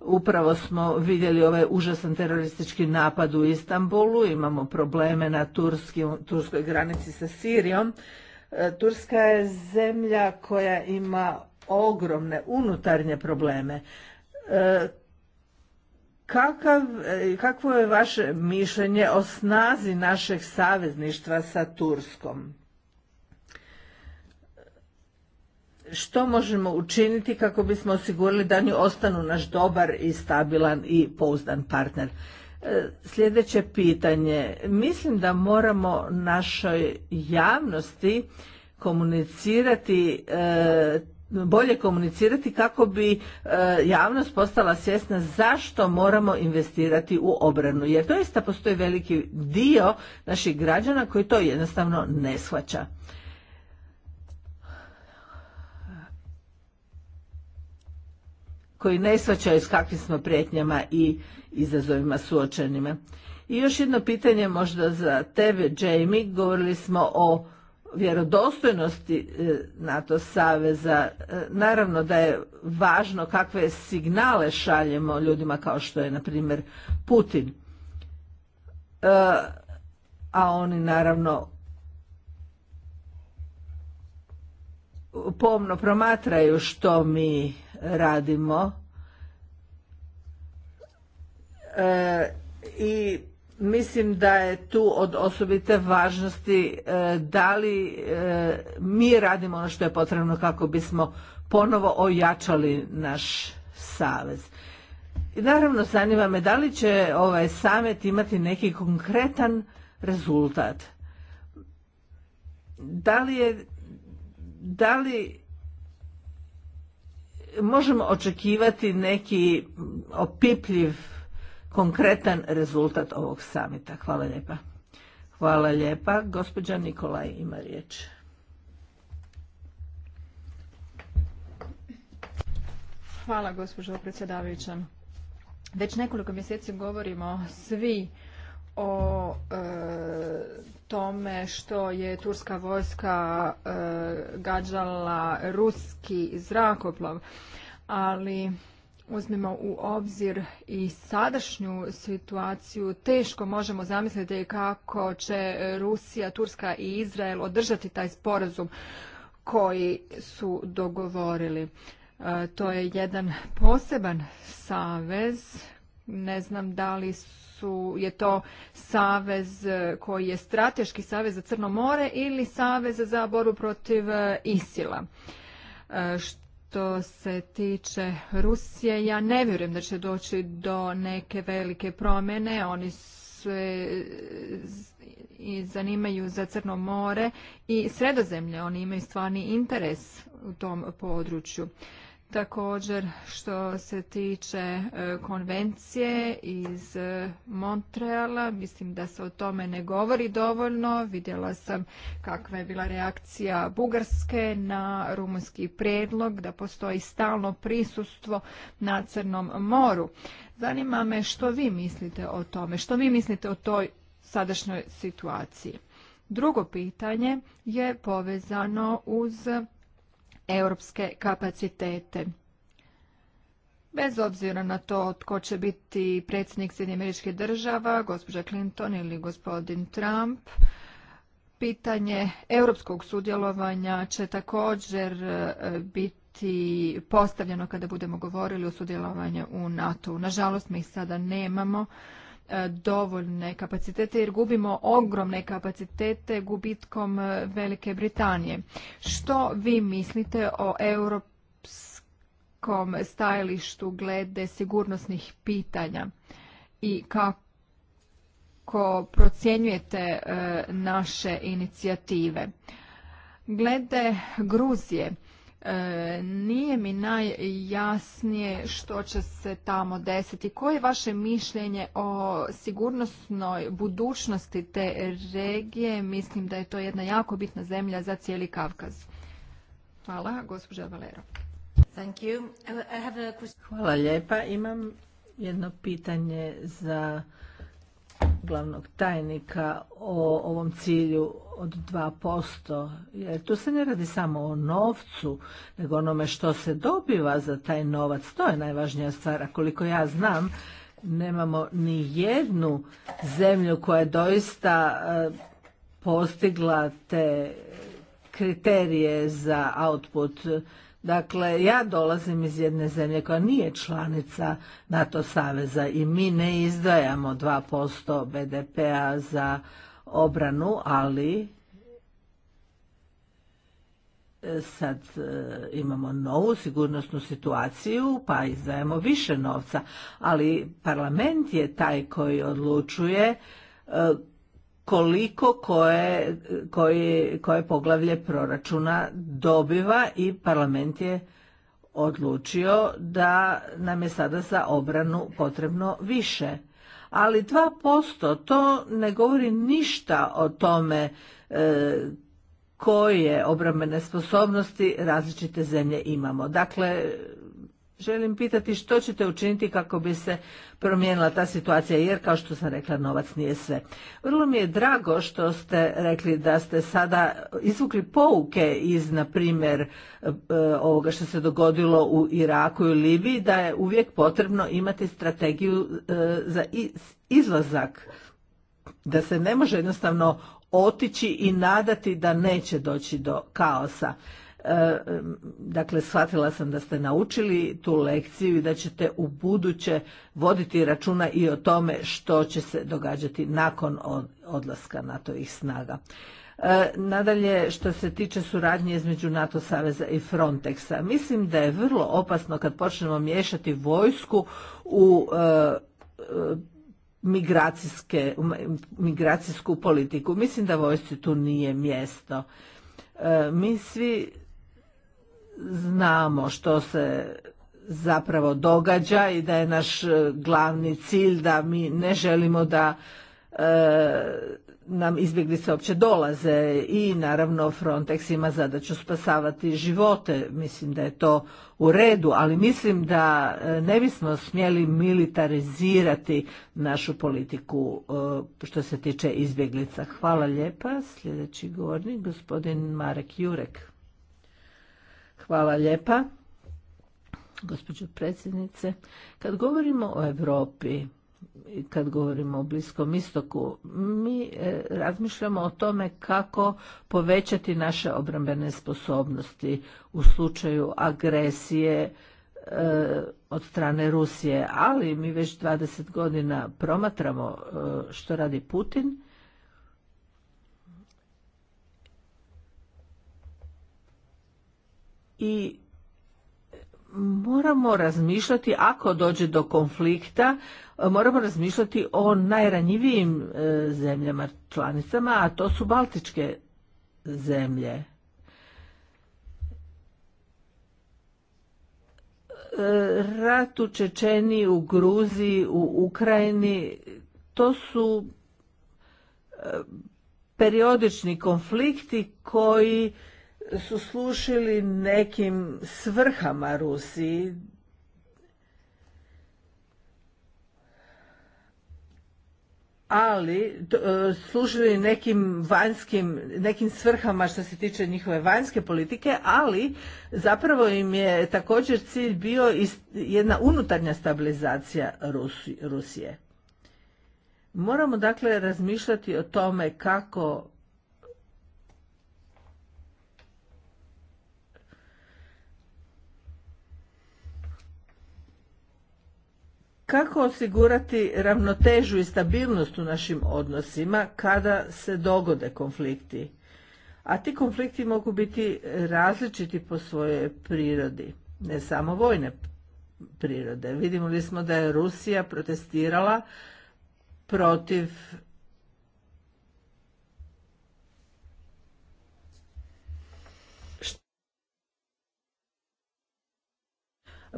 Upravo smo vidjeli ovaj užasan teroristički napad u Istanbulu, imamo probleme na turskoj granici sa Sirijom. E, Turska je zemlja koja ima ogromne unutarnje probleme. E, kakav, e, kakvo je vaše mišljenje o snazi našeg savezništva sa Turskom? Što možemo učiniti kako bismo osigurali da nju ostanu naš dobar i stabilan i pouzdan partner? E, sljedeće pitanje. Mislim da moramo našoj javnosti komunicirati bolje komunicirati kako bi e, javnost postala svjesna zašto moramo investirati u obranu. Jer doista postoji veliki dio naših građana koji to jednostavno ne shvaća. koji ne shvaćaju s kakvim smo prijetnjama i izazovima suočenima. I još jedno pitanje možda za tebe, Jamie. Govorili smo o vjerodostojnosti e, NATO saveza e, naravno da je važno kakve signale šaljemo ljudima kao što je na primjer Putin e, a oni naravno pomno promatraju što mi radimo i Mislim da je tu od osobite važnosti e, da li e, mi radimo ono što je potrebno kako bismo ponovo ojačali naš savez. I naravno zanima me da li će ovaj samet imati neki konkretan rezultat. Da li je, da li možemo očekivati neki opipljiv konkretan rezultat ovog samita. Hvala lijepa. Hvala lijepa. Gospođa Nikolaj ima riječ. Hvala gospođo predsjedavajuća. Već nekoliko mjeseci govorimo svi o e, tome što je turska vojska e, gađala ruski zrakoplov, ali uzmemo u obzir i sadašnju situaciju, teško možemo zamisliti kako će Rusija, Turska i Izrael održati taj sporazum koji su dogovorili. E, to je jedan poseban savez, ne znam da li su, je to savez koji je strateški savez za Crno more ili savez za borbu protiv e, Isila. E, Što što se tiče Rusije, ja ne vjerujem da će doći do neke velike promjene. Oni se i zanimaju za Crno more i Sredozemlje. Oni imaju stvarni interes u tom području. Također što se tiče e, konvencije iz e, Montreala, mislim da se o tome ne govori dovoljno. Vidjela sam kakva je bila reakcija Bugarske na rumunski predlog da postoji stalno prisustvo na Crnom moru. Zanima me što vi mislite o tome, što vi mislite o toj sadašnjoj situaciji. Drugo pitanje je povezano uz europske kapacitete. Bez obzira na to tko će biti predsjednik Sjedinjenih američkih država, gospođa Clinton ili gospodin Trump, pitanje europskog sudjelovanja će također e, biti postavljeno kada budemo govorili o sudjelovanju u nato Nažalost, mi ih sada nemamo E, dovoljne kapacitete jer gubimo ogromne kapacitete gubitkom e, Velike Britanije. Što vi mislite o europskom stajalištu glede sigurnosnih pitanja i kako procjenjujete e, naše inicijative? Glede Gruzije, E, nije mi najjasnije što će se tamo desiti. Koje je vaše mišljenje o sigurnosnoj budućnosti te regije? Mislim da je to jedna jako bitna zemlja za cijeli Kavkaz. Hvala, gospođa Valero. Hvala lijepa. Imam jedno pitanje za glavnog tajnika o ovom cilju od 2%, jer tu se ne radi samo o novcu, nego onome što se dobiva za taj novac, to je najvažnija stvar, a koliko ja znam, nemamo ni jednu zemlju koja je doista e, postigla te kriterije za output Dakle, ja dolazim iz jedne zemlje koja nije članica NATO saveza i mi ne izdajamo 2% BDP-a za obranu, ali e, sad e, imamo novu sigurnosnu situaciju pa izdajemo više novca, ali parlament je taj koji odlučuje e, koliko koje, koje, koje poglavlje proračuna dobiva i parlament je odlučio da nam je sada za obranu potrebno više. Ali 2% to ne govori ništa o tome e, koje obrambene sposobnosti različite zemlje imamo. Dakle, želim pitati što ćete učiniti kako bi se promijenila ta situacija, jer kao što sam rekla, novac nije sve. Vrlo mi je drago što ste rekli da ste sada izvukli pouke iz, na primjer, e, ovoga što se dogodilo u Iraku i Libiji, da je uvijek potrebno imati strategiju e, za izlazak da se ne može jednostavno otići i nadati da neće doći do kaosa. E, dakle, shvatila sam da ste naučili tu lekciju i da ćete u buduće voditi računa i o tome što će se događati nakon odlaska NATO-ih snaga. E, nadalje, što se tiče suradnje između NATO saveza i Frontexa, mislim da je vrlo opasno kad počnemo miješati vojsku u e, migracijske, migracijsku politiku. Mislim da vojsci tu nije mjesto. Mi svi znamo što se zapravo događa i da je naš e, glavni cilj da mi ne želimo da e, nam izbjeglice opće dolaze i naravno Frontex ima zadaću spasavati živote. Mislim da je to u redu, ali mislim da e, ne bismo smjeli militarizirati našu politiku što se tiče izbjeglica. Hvala lijepa. Sljedeći govornik, gospodin Marek Jurek. Hvala lijepa, gospođo predsjednice. Kad govorimo o Europi, kad govorimo o Bliskom istoku, mi e, razmišljamo o tome kako povećati naše obrambene sposobnosti u slučaju agresije e, od strane Rusije, ali mi već 20 godina promatramo e, što radi Putin i moramo razmišljati ako dođe do konflikta moramo razmišljati o najranjivijim e, zemljama članicama a to su baltičke zemlje e, rat u Čečeni, u Gruziji, u Ukrajini, to su e, periodični konflikti koji su slušili nekim svrhama Rusiji ali e, služili nekim vanjskim, nekim svrhama što se tiče njihove vanjske politike, ali zapravo im je također cilj bio jedna unutarnja stabilizacija Rusije. Moramo dakle razmišljati o tome kako kako osigurati ravnotežu i stabilnost u našim odnosima kada se dogode konflikti a ti konflikti mogu biti različiti po svojoj prirodi ne samo vojne prirode vidimo li smo da je Rusija protestirala protiv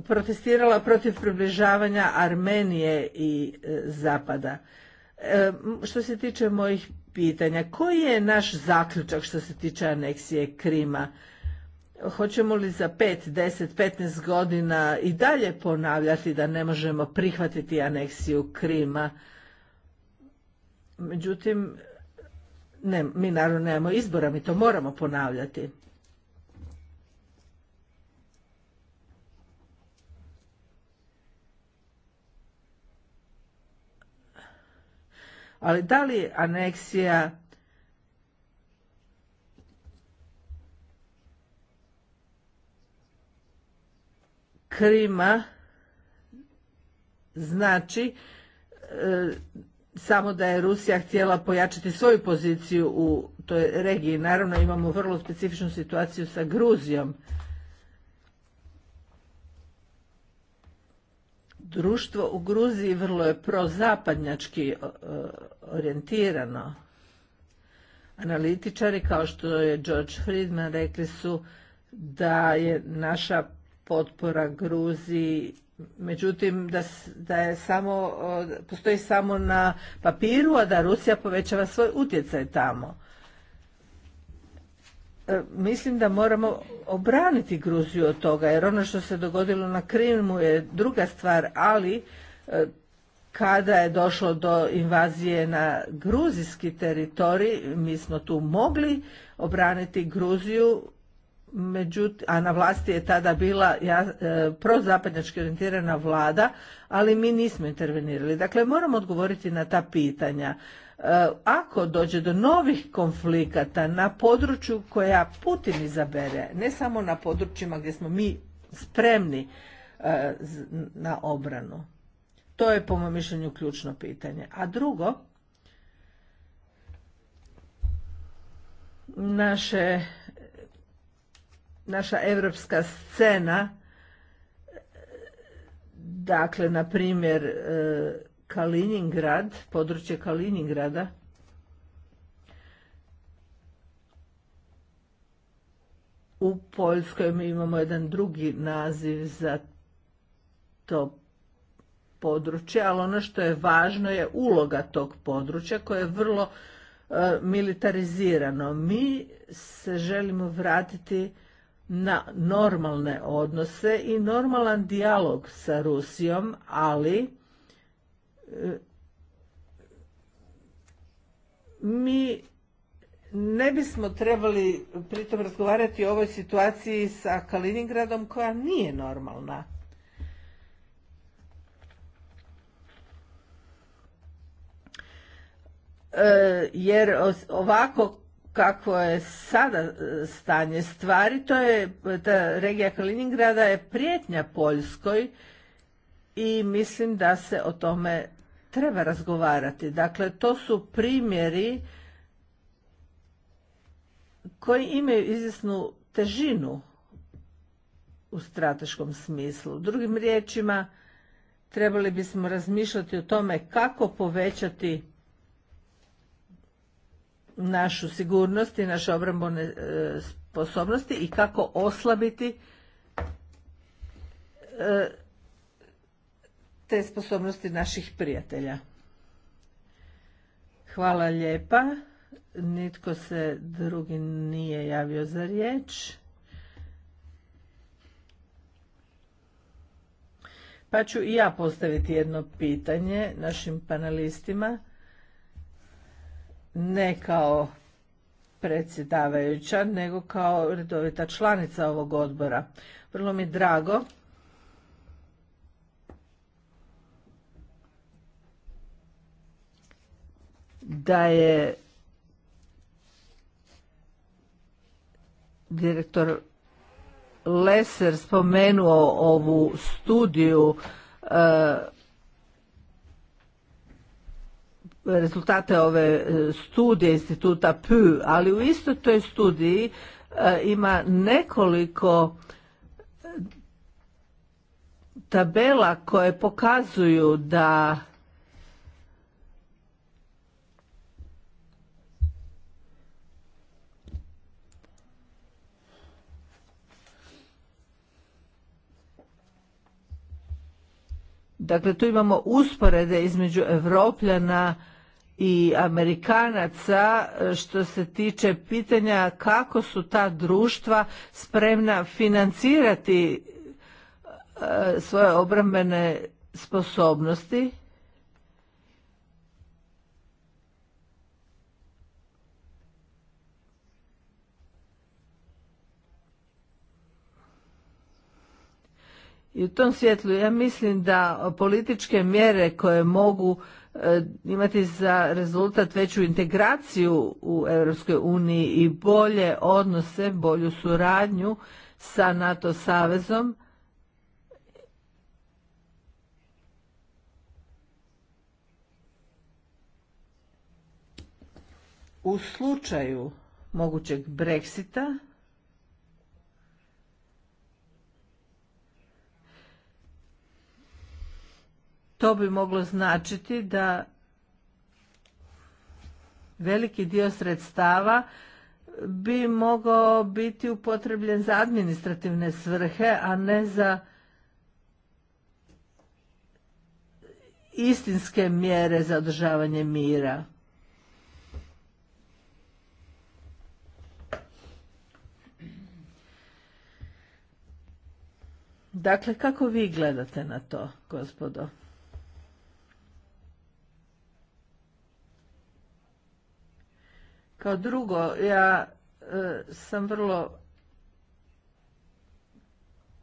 protestirala protiv približavanja Armenije i e, Zapada. E, što se tiče mojih pitanja, koji je naš zaključak što se tiče aneksije Krima? Hoćemo li za 5, 10, 15 godina i dalje ponavljati da ne možemo prihvatiti aneksiju Krima? Međutim, ne, mi naravno nemamo izbora, mi to moramo ponavljati. ali da li aneksija Krima znači e, samo da je Rusija htjela pojačati svoju poziciju u toj regiji. Naravno imamo vrlo specifičnu situaciju sa Gruzijom. društvo u Gruziji vrlo je prozapadnjački e, orijentirano. Analitičari, kao što je George Friedman, rekli su da je naša potpora Gruziji međutim da, da je samo, e, postoji samo na papiru, a da Rusija povećava svoj utjecaj tamo. E, mislim da moramo obraniti Gruziju od toga, jer ono što se dogodilo na Krimu je druga stvar, ali e, kada je došlo do invazije na gruzijski teritorij, mi smo tu mogli obraniti Gruziju, međutim, a na vlasti je tada bila ja, e, prozapadnjački orijentirana vlada, ali mi nismo intervenirali. Dakle, moramo odgovoriti na ta pitanja. Eh, ako dođe do novih konflikata na području koja Putin izabere, ne samo na područjima gdje smo mi spremni eh, na obranu. To je po mom mišljenju ključno pitanje. A drugo, naše, naša evropska scena, eh, dakle, na primjer, Kaliningrad, područje Kaliningrada, u Poljskoj mi imamo jedan drugi naziv za to područje, ali ono što je važno je uloga tog područja koje je vrlo e, militarizirano. Mi se želimo vratiti na normalne odnose i normalan dijalog sa Rusijom, ali mi ne bismo trebali pritom razgovarati o ovoj situaciji sa Kaliningradom koja nije normalna. E, jer ovako kako je sada stanje stvari, to je ta regija Kaliningrada je prijetnja Poljskoj i mislim da se o tome treba razgovarati. Dakle, to su primjeri koji imaju izvjesnu težinu u strateškom smislu. Drugim riječima, trebali bismo razmišljati o tome kako povećati našu sigurnost i naše obrambene e, sposobnosti i kako oslabiti e, te sposobnosti naših prijatelja. Hvala lijepa. Nitko se drugi nije javio za riječ. Pa ću i ja postaviti jedno pitanje našim panelistima. Ne kao predsjedavajuća, nego kao redovita članica ovog odbora. Vrlo mi drago da je direktor Leser spomenuo ovu studiju e, rezultate ove e, studije instituta PU, ali u istoj toj studiji e, ima nekoliko tabela koje pokazuju da Dakle, tu imamo usporede između Evropljana i Amerikanaca e, što se tiče pitanja kako su ta društva spremna financirati e, svoje obrambene sposobnosti I u tom svjetlu ja mislim da političke mjere koje mogu e, imati za rezultat veću integraciju u Europskoj uniji i bolje odnose, bolju suradnju sa NATO savezom u slučaju mogućeg Brexita To bi moglo značiti da veliki dio sredstava bi mogao biti upotrebljen za administrativne svrhe, a ne za istinske mjere za održavanje mira. Dakle, kako vi gledate na to, gospodo? Kao drugo, ja e, sam vrlo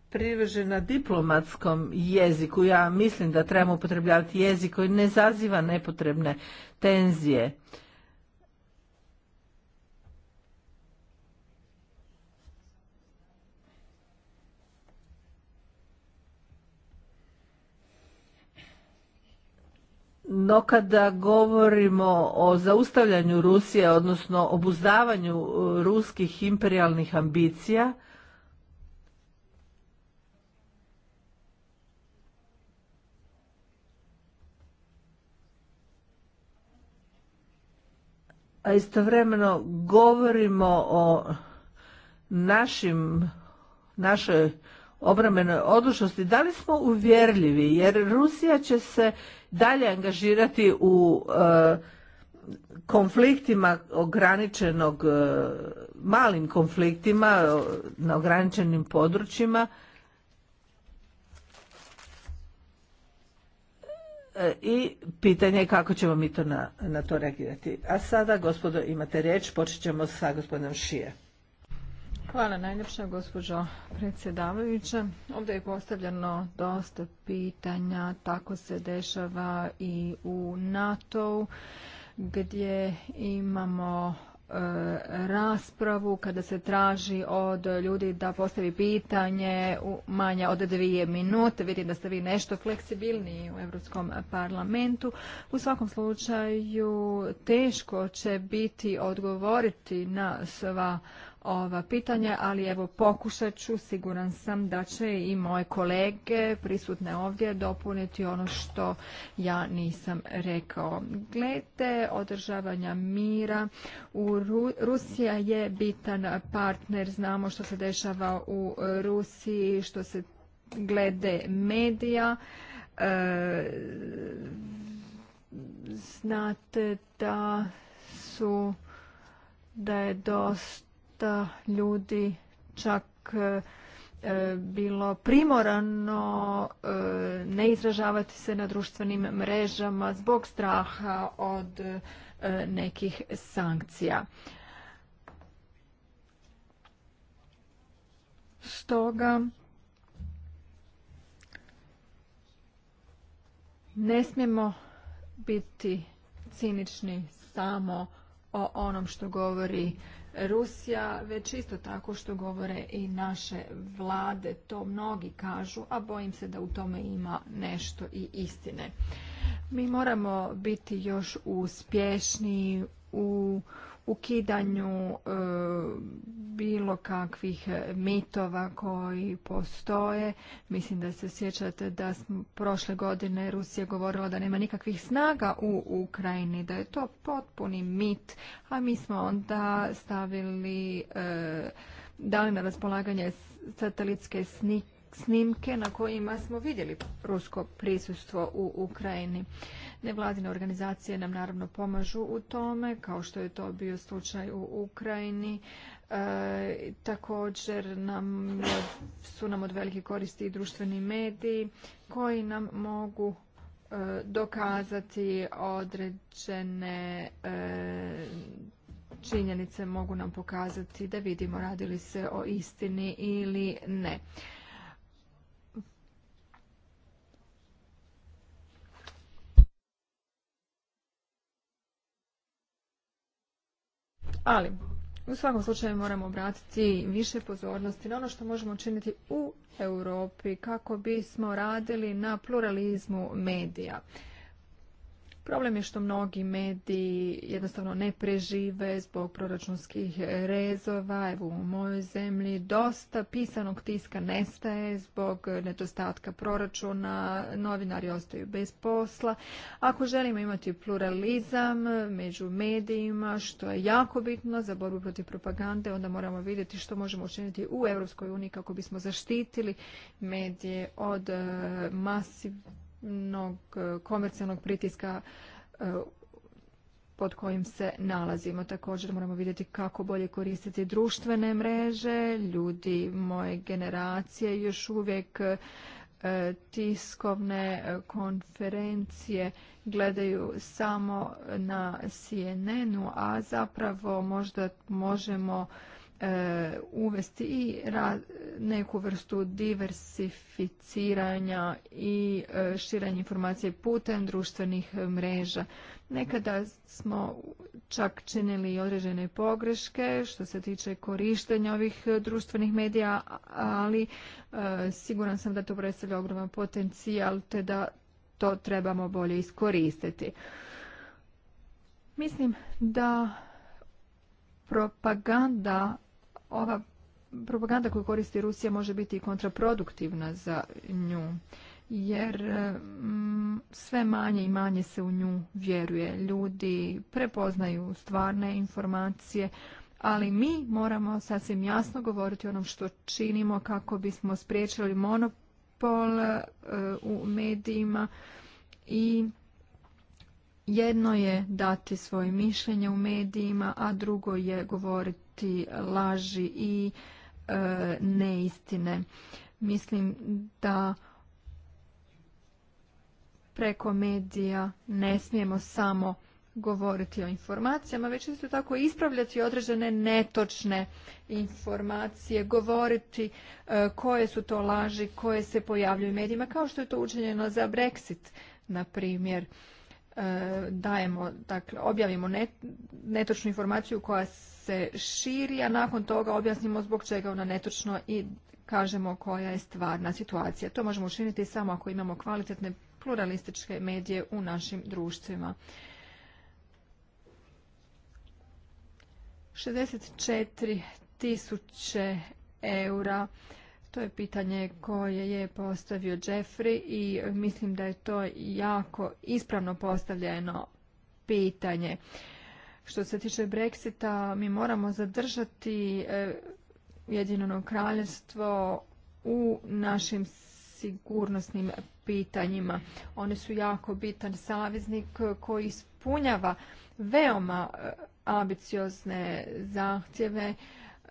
privržena diplomatskom jeziku. Ja mislim da trebamo upotrebljavati jezik koji ne zaziva nepotrebne tenzije. no kada govorimo o zaustavljanju Rusije, odnosno obuzdavanju e, ruskih imperialnih ambicija, a istovremeno govorimo o našim, našoj obrambenoj odlučnosti, da li smo uvjerljivi, jer Rusija će se dalje angažirati u e, konfliktima ograničenog, e, malim konfliktima e, na ograničenim područjima i pitanje je kako ćemo mi to na, na to reagirati. A sada, gospodo, imate riječ, počet ćemo sa gospodinom Šije. Hvala najljepša gospođo predsjedavajuća. Ovdje je postavljeno dosta pitanja, tako se dešava i u nato gdje imamo e, raspravu kada se traži od ljudi da postavi pitanje manje od dvije minute. Vidim da ste vi nešto fleksibilniji u Europskom parlamentu. U svakom slučaju teško će biti odgovoriti na sva ova pitanja, ali evo pokušat ću, siguran sam da će i moje kolege prisutne ovdje dopuniti ono što ja nisam rekao. Glede održavanja mira, u Rusija je bitan partner, znamo što se dešava u Rusiji, što se glede medija. E, znate da su da je dosta da ljudi čak e, e, bilo primorano e, ne izražavati se na društvenim mrežama zbog straha od nekih sankcija. Stoga ne smijemo biti cinični samo o onom što govori Rusija, već isto tako što govore i naše vlade, to mnogi kažu, a bojim se da u tome ima nešto i istine. Mi moramo biti još uspješniji u ukidanju e, bilo kakvih mitova koji postoje. Mislim da se sjećate da smo prošle godine Rusija govorila da nema nikakvih snaga u Ukrajini, da je to potpuni mit, a mi smo onda stavili e, dali na raspolaganje satelitske snike snimke na kojima smo vidjeli rusko prisustvo u Ukrajini. Nevladine organizacije nam naravno pomažu u tome, kao što je to bio slučaj u Ukrajini. E, također nam, su nam od velike koristi i društveni mediji koji nam mogu e, dokazati određene e, činjenice mogu nam pokazati da vidimo radi li se o istini ili ne. Ali, u svakom slučaju moramo obratiti više pozornosti na ono što možemo učiniti u Europi kako bismo radili na pluralizmu medija. Problem je što mnogi mediji jednostavno ne prežive zbog proračunskih rezova. Evo u mojoj zemlji dosta pisanog tiska nestaje zbog nedostatka proračuna, novinari ostaju bez posla. Ako želimo imati pluralizam među medijima, što je jako bitno za borbu protiv propagande, onda moramo vidjeti što možemo učiniti u EU kako bismo zaštitili medije od eh, masiv mnog e, komercijalnog pritiska e, pod kojim se nalazimo. Također moramo vidjeti kako bolje koristiti društvene mreže, ljudi moje generacije još uvijek e, tiskovne konferencije gledaju samo na CNN-u, a zapravo možda možemo E, uvesti i neku vrstu diversificiranja i e, širenja informacije putem društvenih mreža. Nekada smo čak činili određene pogreške što se tiče korištenja ovih društvenih medija, ali e, siguran sam da to predstavlja ogroman potencijal te da to trebamo bolje iskoristiti. Mislim da propaganda ova propaganda koju koristi Rusija može biti kontraproduktivna za nju jer mm, sve manje i manje se u nju vjeruje. Ljudi prepoznaju stvarne informacije, ali mi moramo sasvim jasno govoriti o onom što činimo kako bismo spriječili monopol e, u medijima i jedno je dati svoje mišljenje u medijima, a drugo je govoriti laži i e, neistine. Mislim da preko medija ne smijemo samo govoriti o informacijama, već isto tako ispravljati određene netočne informacije, govoriti e, koje su to laži koje se pojavljuju u medijima, kao što je to učinjeno za Brexit, na primjer. E, dajemo, dakle, objavimo netočnu informaciju koja se širi, a nakon toga objasnimo zbog čega ona netočno i kažemo koja je stvarna situacija. To možemo učiniti samo ako imamo kvalitetne pluralističke medije u našim društvima. 64 tisuće eura to je pitanje koje je postavio Jeffrey i mislim da je to jako ispravno postavljeno pitanje. Što se tiče Brexita, mi moramo zadržati e, jedinono kraljevstvo u našim sigurnosnim pitanjima. Oni su jako bitan saveznik koji ispunjava veoma e, ambiciozne zahtjeve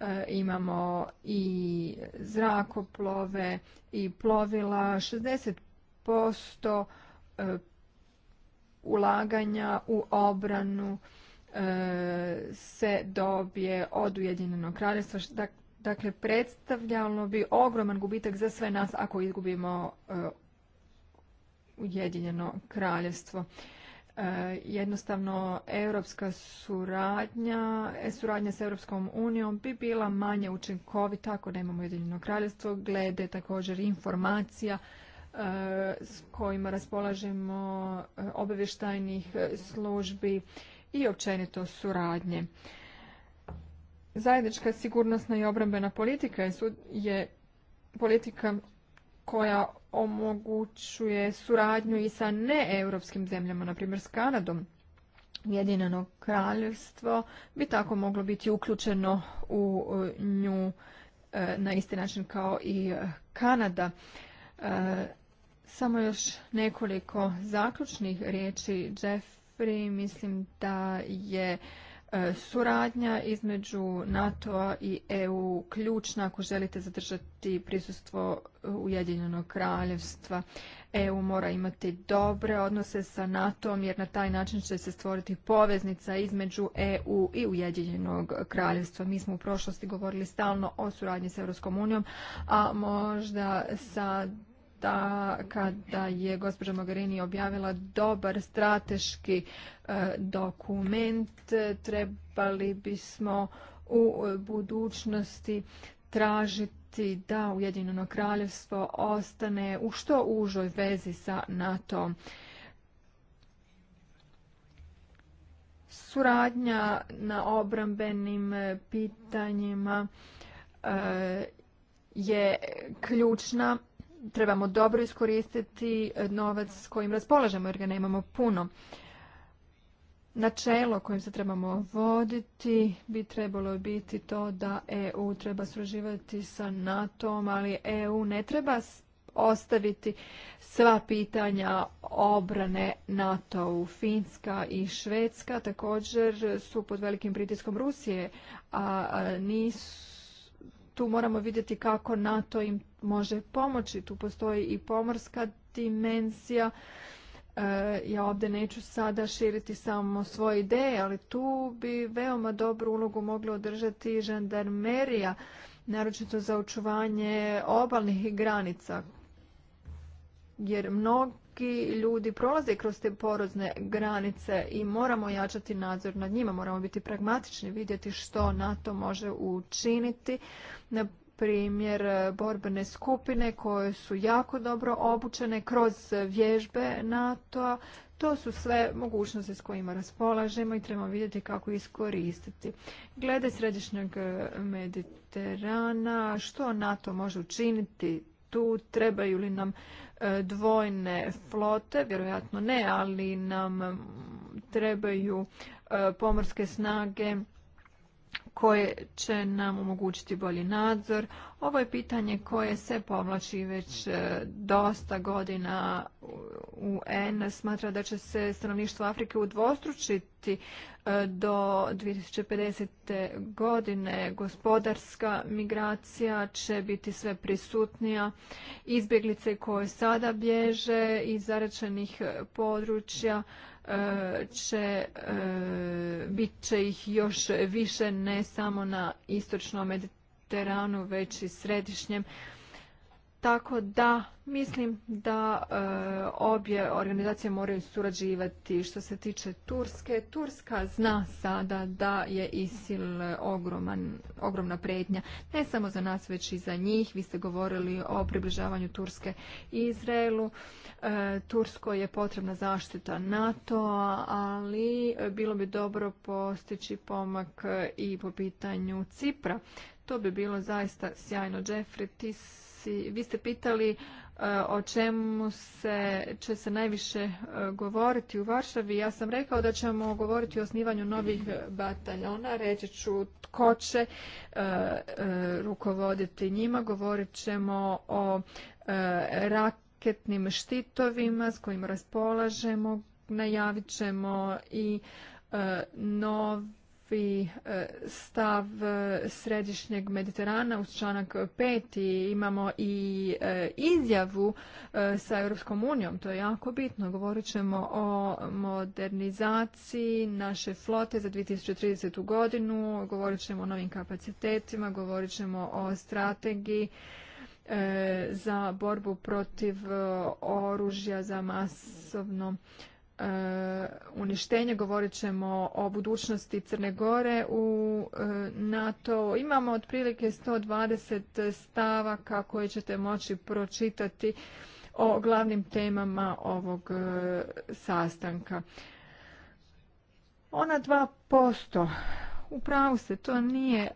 E, imamo i zrakoplove i plovila. 60% e, ulaganja u obranu e, se dobije od Ujedinjenog kraljevstva. Dakle, predstavljalo bi ogroman gubitak za sve nas ako izgubimo Ujedinjeno kraljevstvo. E, jednostavno europska suradnja, e, suradnja s Europskom unijom bi bila manje učinkovita ako nemamo Ujedinjeno kraljevstvo glede također informacija e, s kojima raspolažemo obavještajnih službi i općenito suradnje. Zajednička sigurnosna i obrambena politika je politika koja omogućuje suradnju i sa neeuropskim zemljama, na primjer s Kanadom. Jedinjeno kraljevstvo bi tako moglo biti uključeno u nju e, na isti način kao i e, Kanada. E, samo još nekoliko zaključnih riječi. Jeffrey, mislim da je E, suradnja između NATO-a i EU ključna ako želite zadržati prisustvo Ujedinjenog kraljevstva. EU mora imati dobre odnose sa NATO-om jer na taj način će se stvoriti poveznica između EU i Ujedinjenog kraljevstva. Mi smo u prošlosti govorili stalno o suradnji s EU, a možda sad da kada je gospođa Mogherini objavila dobar strateški e, dokument, trebali bismo u budućnosti tražiti da Ujedinjeno kraljevstvo ostane u što užoj vezi sa NATO. Suradnja na obrambenim e, pitanjima e, je ključna trebamo dobro iskoristiti novac s kojim raspolažemo jer ga nemamo puno. Načelo kojim se trebamo voditi bi trebalo biti to da EU treba surađivati sa NATO-om, ali EU ne treba ostaviti sva pitanja obrane NATO-u. Finska i Švedska također su pod velikim pritiskom Rusije, a tu moramo vidjeti kako NATO im može pomoći. Tu postoji i pomorska dimenzija. E, ja ovdje neću sada širiti samo svoje ideje, ali tu bi veoma dobru ulogu mogla održati žandarmerija, naročito za očuvanje obalnih granica. Jer mnogi ljudi prolaze kroz te porozne granice i moramo jačati nadzor nad njima, moramo biti pragmatični, vidjeti što NATO može učiniti. Na primjer e, borbene skupine koje su jako dobro obučene kroz vježbe NATO-a. To su sve mogućnosti s kojima raspolažemo i trebamo vidjeti kako iskoristiti. Glede središnjeg e, Mediterana, što NATO može učiniti tu, trebaju li nam e, dvojne flote, vjerojatno ne, ali nam trebaju pomorske snage koje će nam omogućiti bolji nadzor. Ovo je pitanje koje se povlači već e, dosta godina UN. Smatra da će se stanovništvo Afrike udvostručiti e, do 2050. godine. Gospodarska migracija će biti sve prisutnija. Izbjeglice koje sada bježe iz zaračenih područja E, će e, bit će ih još više ne samo na istočnom Mediteranu već i središnjem tako da mislim da e, obje organizacije moraju surađivati što se tiče Turske. Turska zna sada da je ISIL ogroman, ogromna prijetnja, ne samo za nas već i za njih. Vi ste govorili o približavanju Turske i Izraelu. E, Tursko je potrebna zaštita nato ali bilo bi dobro postići pomak i po pitanju Cipra. To bi bilo zaista sjajno. Jeffrey, si, vi ste pitali e, o čemu se, će se najviše e, govoriti u Varšavi. Ja sam rekao da ćemo govoriti o osnivanju novih bataljona. Reći ću tko će e, rukovoditi njima. Govorit ćemo o raketnim štitovima s kojima raspolažemo. Najavit ćemo i nove i e, stav e, središnjeg Mediterana uz članak 5 imamo i e, izjavu sa Europskom unijom. To je jako bitno. Govorit ćemo o modernizaciji naše flote za 2030. godinu, govorit ćemo o novim kapacitetima, govorit ćemo o strategiji za borbu protiv oružja za masovno E, uništenje, govorit ćemo o budućnosti Crne Gore u e, NATO. Imamo otprilike 120 stavaka koje ćete moći pročitati o glavnim temama ovog e, sastanka. Ona 2%, u pravu se to nije,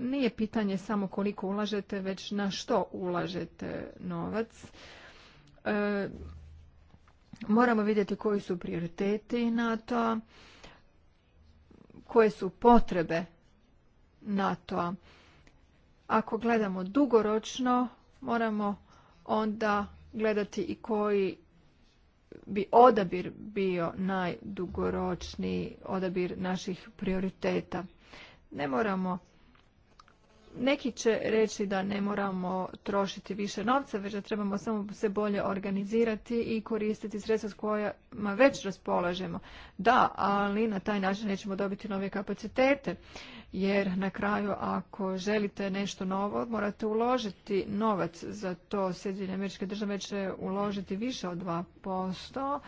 nije pitanje samo koliko ulažete, već na što ulažete novac Moramo vidjeti koji su prioriteti NATO-a, koje su potrebe NATO-a. Ako gledamo dugoročno, moramo onda gledati i koji bi odabir bio najdugoročniji odabir naših prioriteta. Ne moramo neki će reći da ne moramo trošiti više novca, već da trebamo samo se bolje organizirati i koristiti sredstva s kojima već raspolažemo. Da, ali na taj način nećemo dobiti nove kapacitete, jer na kraju ako želite nešto novo, morate uložiti novac za to. Sjedinje američke države će uložiti više od 2%,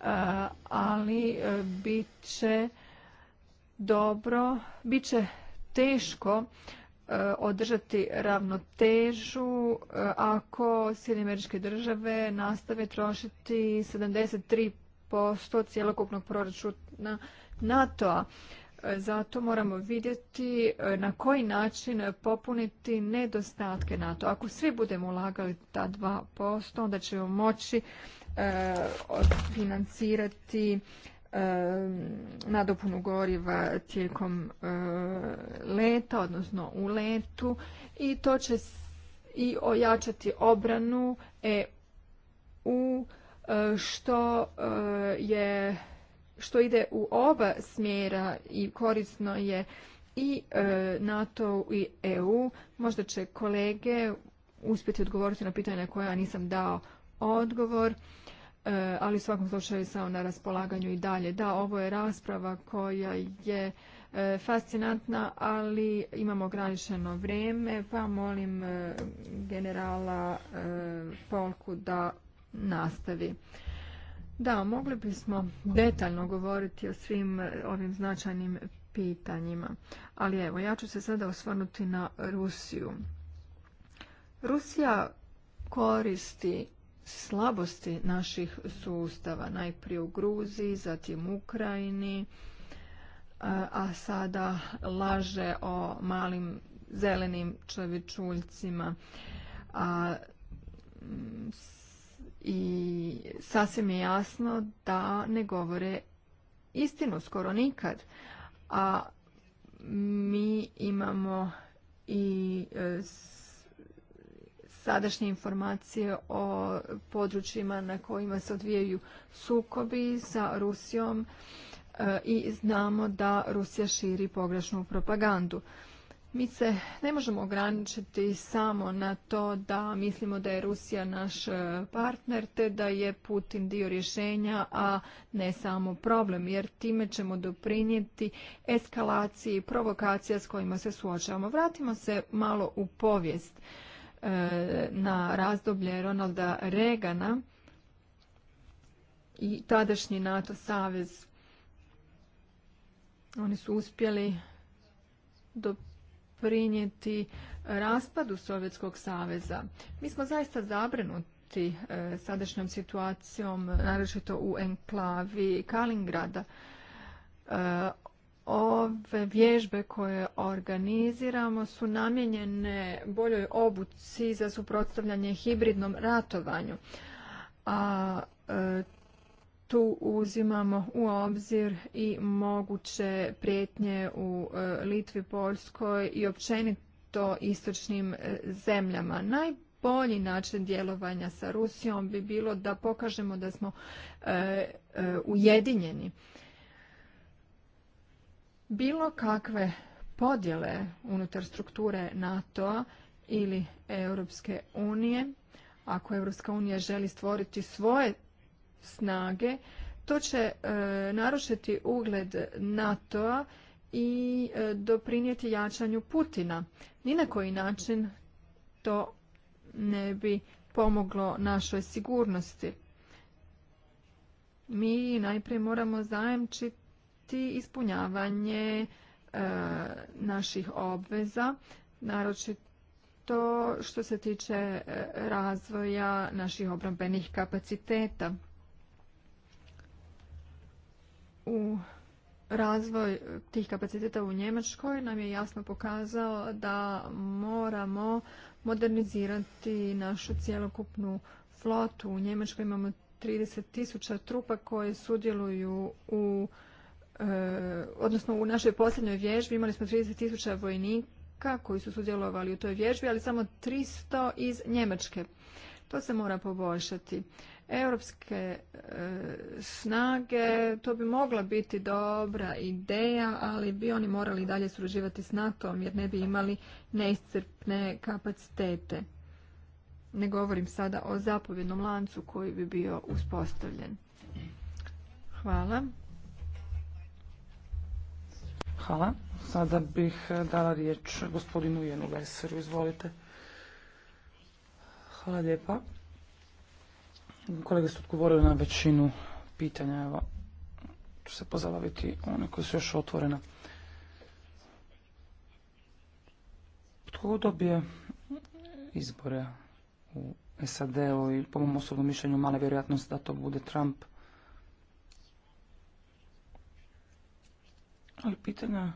eh, ali eh, bit će dobro, bit će teško E, održati ravnotežu e, ako Sjedinje američke države nastave trošiti 73% cjelokupnog proračuna NATO-a. E, zato moramo vidjeti na koji način popuniti nedostatke NATO. Ako svi budemo ulagali ta 2%, onda ćemo moći financirati nadopunu goriva tijekom eh, leta, odnosno u letu i to će i ojačati obranu EU eh, što eh, je što ide u oba smjera i korisno je i NATO i EU. Možda će kolege uspjeti odgovoriti na pitanje na koja nisam dao odgovor. E, ali u svakom slučaju sam na raspolaganju i dalje. Da, ovo je rasprava koja je e, fascinantna, ali imamo ograničeno vrijeme, pa molim e, generala Polku da nastavi. Da, mogli bismo detaljno govoriti o svim ovim značajnim pitanjima, ali evo, ja ću se sada osvrnuti na Rusiju. Rusija koristi slabosti naših sustava, najprije u Gruziji, zatim u Ukrajini, e, a sada laže o malim zelenim čovječuljcima. Mm, I sasvim je jasno da ne govore istinu skoro nikad. A mi imamo i e, sadašnje informacije o područjima na kojima se odvijaju sukobi sa Rusijom e, i znamo da Rusija širi pogrešnu propagandu. Mi se ne možemo ograničiti samo na to da mislimo da je Rusija naš e, partner te da je Putin dio rješenja, a ne samo problem, jer time ćemo doprinijeti eskalaciji provokacija s kojima se suočavamo. Vratimo se malo u povijest na razdoblje Ronalda Reagana i tadašnji NATO savez. Oni su uspjeli doprinijeti raspadu Sovjetskog saveza. Mi smo zaista zabrinuti e, sadašnjom situacijom, naročito u enklavi Kalingrada. E, Ove vježbe koje organiziramo su namijenjene boljoj obuci za suprotstavljanje hibridnom ratovanju. A e, tu uzimamo u obzir i moguće prijetnje u e, Litvi, Poljskoj i općenito istočnim e, zemljama. Najbolji način djelovanja sa Rusijom bi bilo da pokažemo da smo ujedinjeni bilo kakve podjele unutar strukture NATO-a ili Europske unije, ako Europska unija želi stvoriti svoje snage, to će e, narušiti ugled NATO-a i e, doprinijeti jačanju Putina. Ni na koji način to ne bi pomoglo našoj sigurnosti. Mi najprije moramo zajemčiti ispunjavanje e, naših obveza, naročito što se tiče e, razvoja naših obrambenih kapaciteta. U razvoj tih kapaciteta u Njemačkoj nam je jasno pokazao da moramo modernizirati našu cjelokupnu flotu. U Njemačkoj imamo 30 tisuća trupa koje sudjeluju u E, odnosno u našoj posljednjoj vježbi imali smo 30.000 vojnika koji su sudjelovali u toj vježbi, ali samo 300 iz Njemačke. To se mora poboljšati. Europske e, snage, to bi mogla biti dobra ideja, ali bi oni morali dalje surađivati s NATO-om jer ne bi imali neiscrpne kapacitete. Ne govorim sada o zapovjednom lancu koji bi bio uspostavljen. Hvala. Hvala. Sada bih eh, dala riječ gospodinu Jenu Leseru. Izvolite. Hvala lijepa. Kolege su odgovorili na većinu pitanja. Evo, ću se pozabaviti one koje su još otvorena. Tko dobije izbore u SAD-u i po mom osobnom mišljenju mala vjerojatnost da to bude Trump. ali pitanja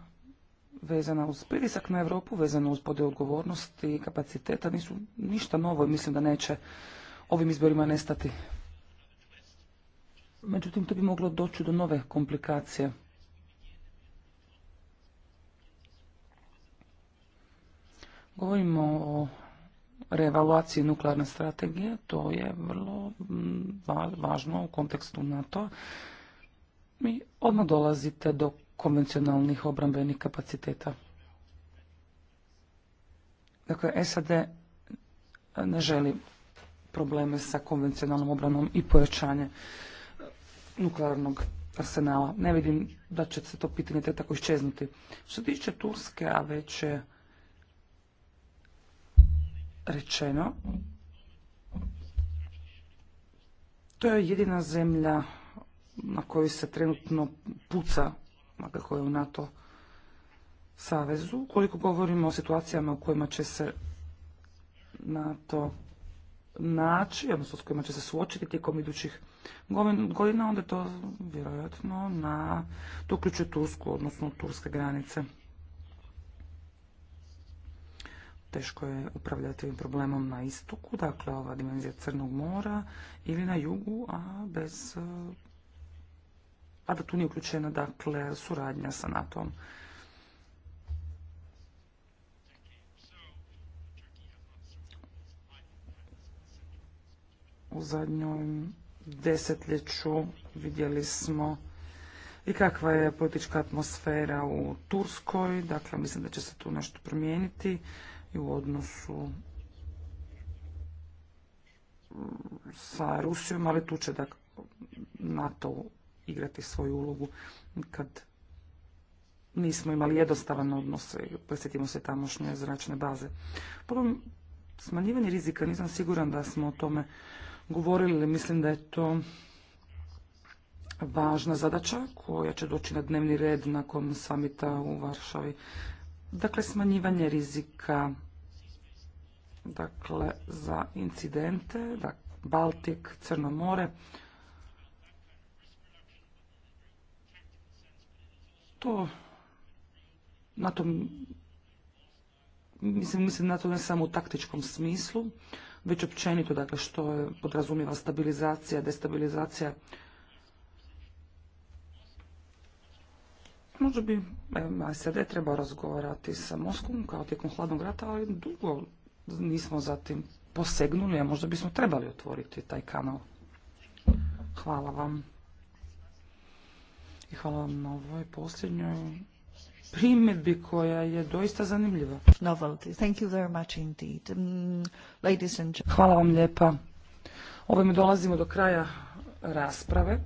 vezana uz pritisak na Europu, vezano uz podijel odgovornosti i kapaciteta nisu ništa novo i mislim da neće ovim izborima nestati. Međutim, to bi moglo doći do nove komplikacije. Govorimo o revaluaciji nuklearne strategije, to je vrlo mm, važno u kontekstu NATO. Mi odmah dolazite do konvencionalnih obrambenih kapaciteta. Dakle, SAD ne želi probleme sa konvencionalnom obranom i pojačanje nuklearnog arsenala. Ne vidim da će se to pitanje te tako iščeznuti. Što tiče Turske, a već je rečeno, to je jedina zemlja na kojoj se trenutno puca kako je u NATO savezu. Koliko govorimo o situacijama u kojima će se NATO naći, odnosno s kojima će se suočiti tijekom idućih godina, onda je to vjerojatno na, to uključuje Tursku, odnosno turske granice. Teško je upravljati ovim problemom na istoku, dakle ova dimenzija Crnog mora ili na jugu, a bez a da tu nije uključena dakle suradnja sa NATO-om. U zadnjom desetljeću vidjeli smo i kakva je politička atmosfera u Turskoj, dakle mislim da će se tu nešto promijeniti i u odnosu sa Rusijom, ali tu će da dakle, NATO igrati svoju ulogu kad nismo imali jednostavan odnos, e, posjetimo se tamošnje zračne baze. Prvo, smanjivanje rizika, nisam siguran da smo o tome govorili, mislim da je to važna zadaća koja će doći na dnevni red nakon samita u Varšavi. Dakle, smanjivanje rizika dakle, za incidente, dakle, Baltik, Crno more, To, na tom, mislim, mislim na to ne samo u taktičkom smislu, već općenito, dakle, što je podrazumijeva stabilizacija, destabilizacija. Možda bi SAD trebao razgovarati sa Moskvom kao tijekom hladnog rata, ali dugo nismo zatim posegnuli, a možda bismo trebali otvoriti taj kanal. Hvala vam. I hvala vam na ovoj posljednjoj primjedbi koja je doista zanimljiva. Thank you very much indeed. Mm, ladies and Hvala vam lijepa. Ovime dolazimo do kraja rasprave.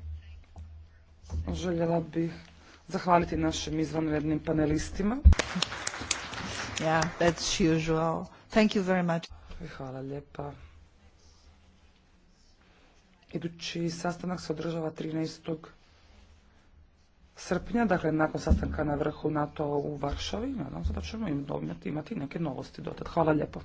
Željela bih zahvaliti našim izvanrednim panelistima. Yeah, that's usual. Thank you very much. Hvala lijepa. Idući sastanak se održava 13 srpnja, dakle nakon sastanka na vrhu NATO u Varšavi. Nadam se da ćemo im donijeti imati neke novosti dotad. Hvala lijepo.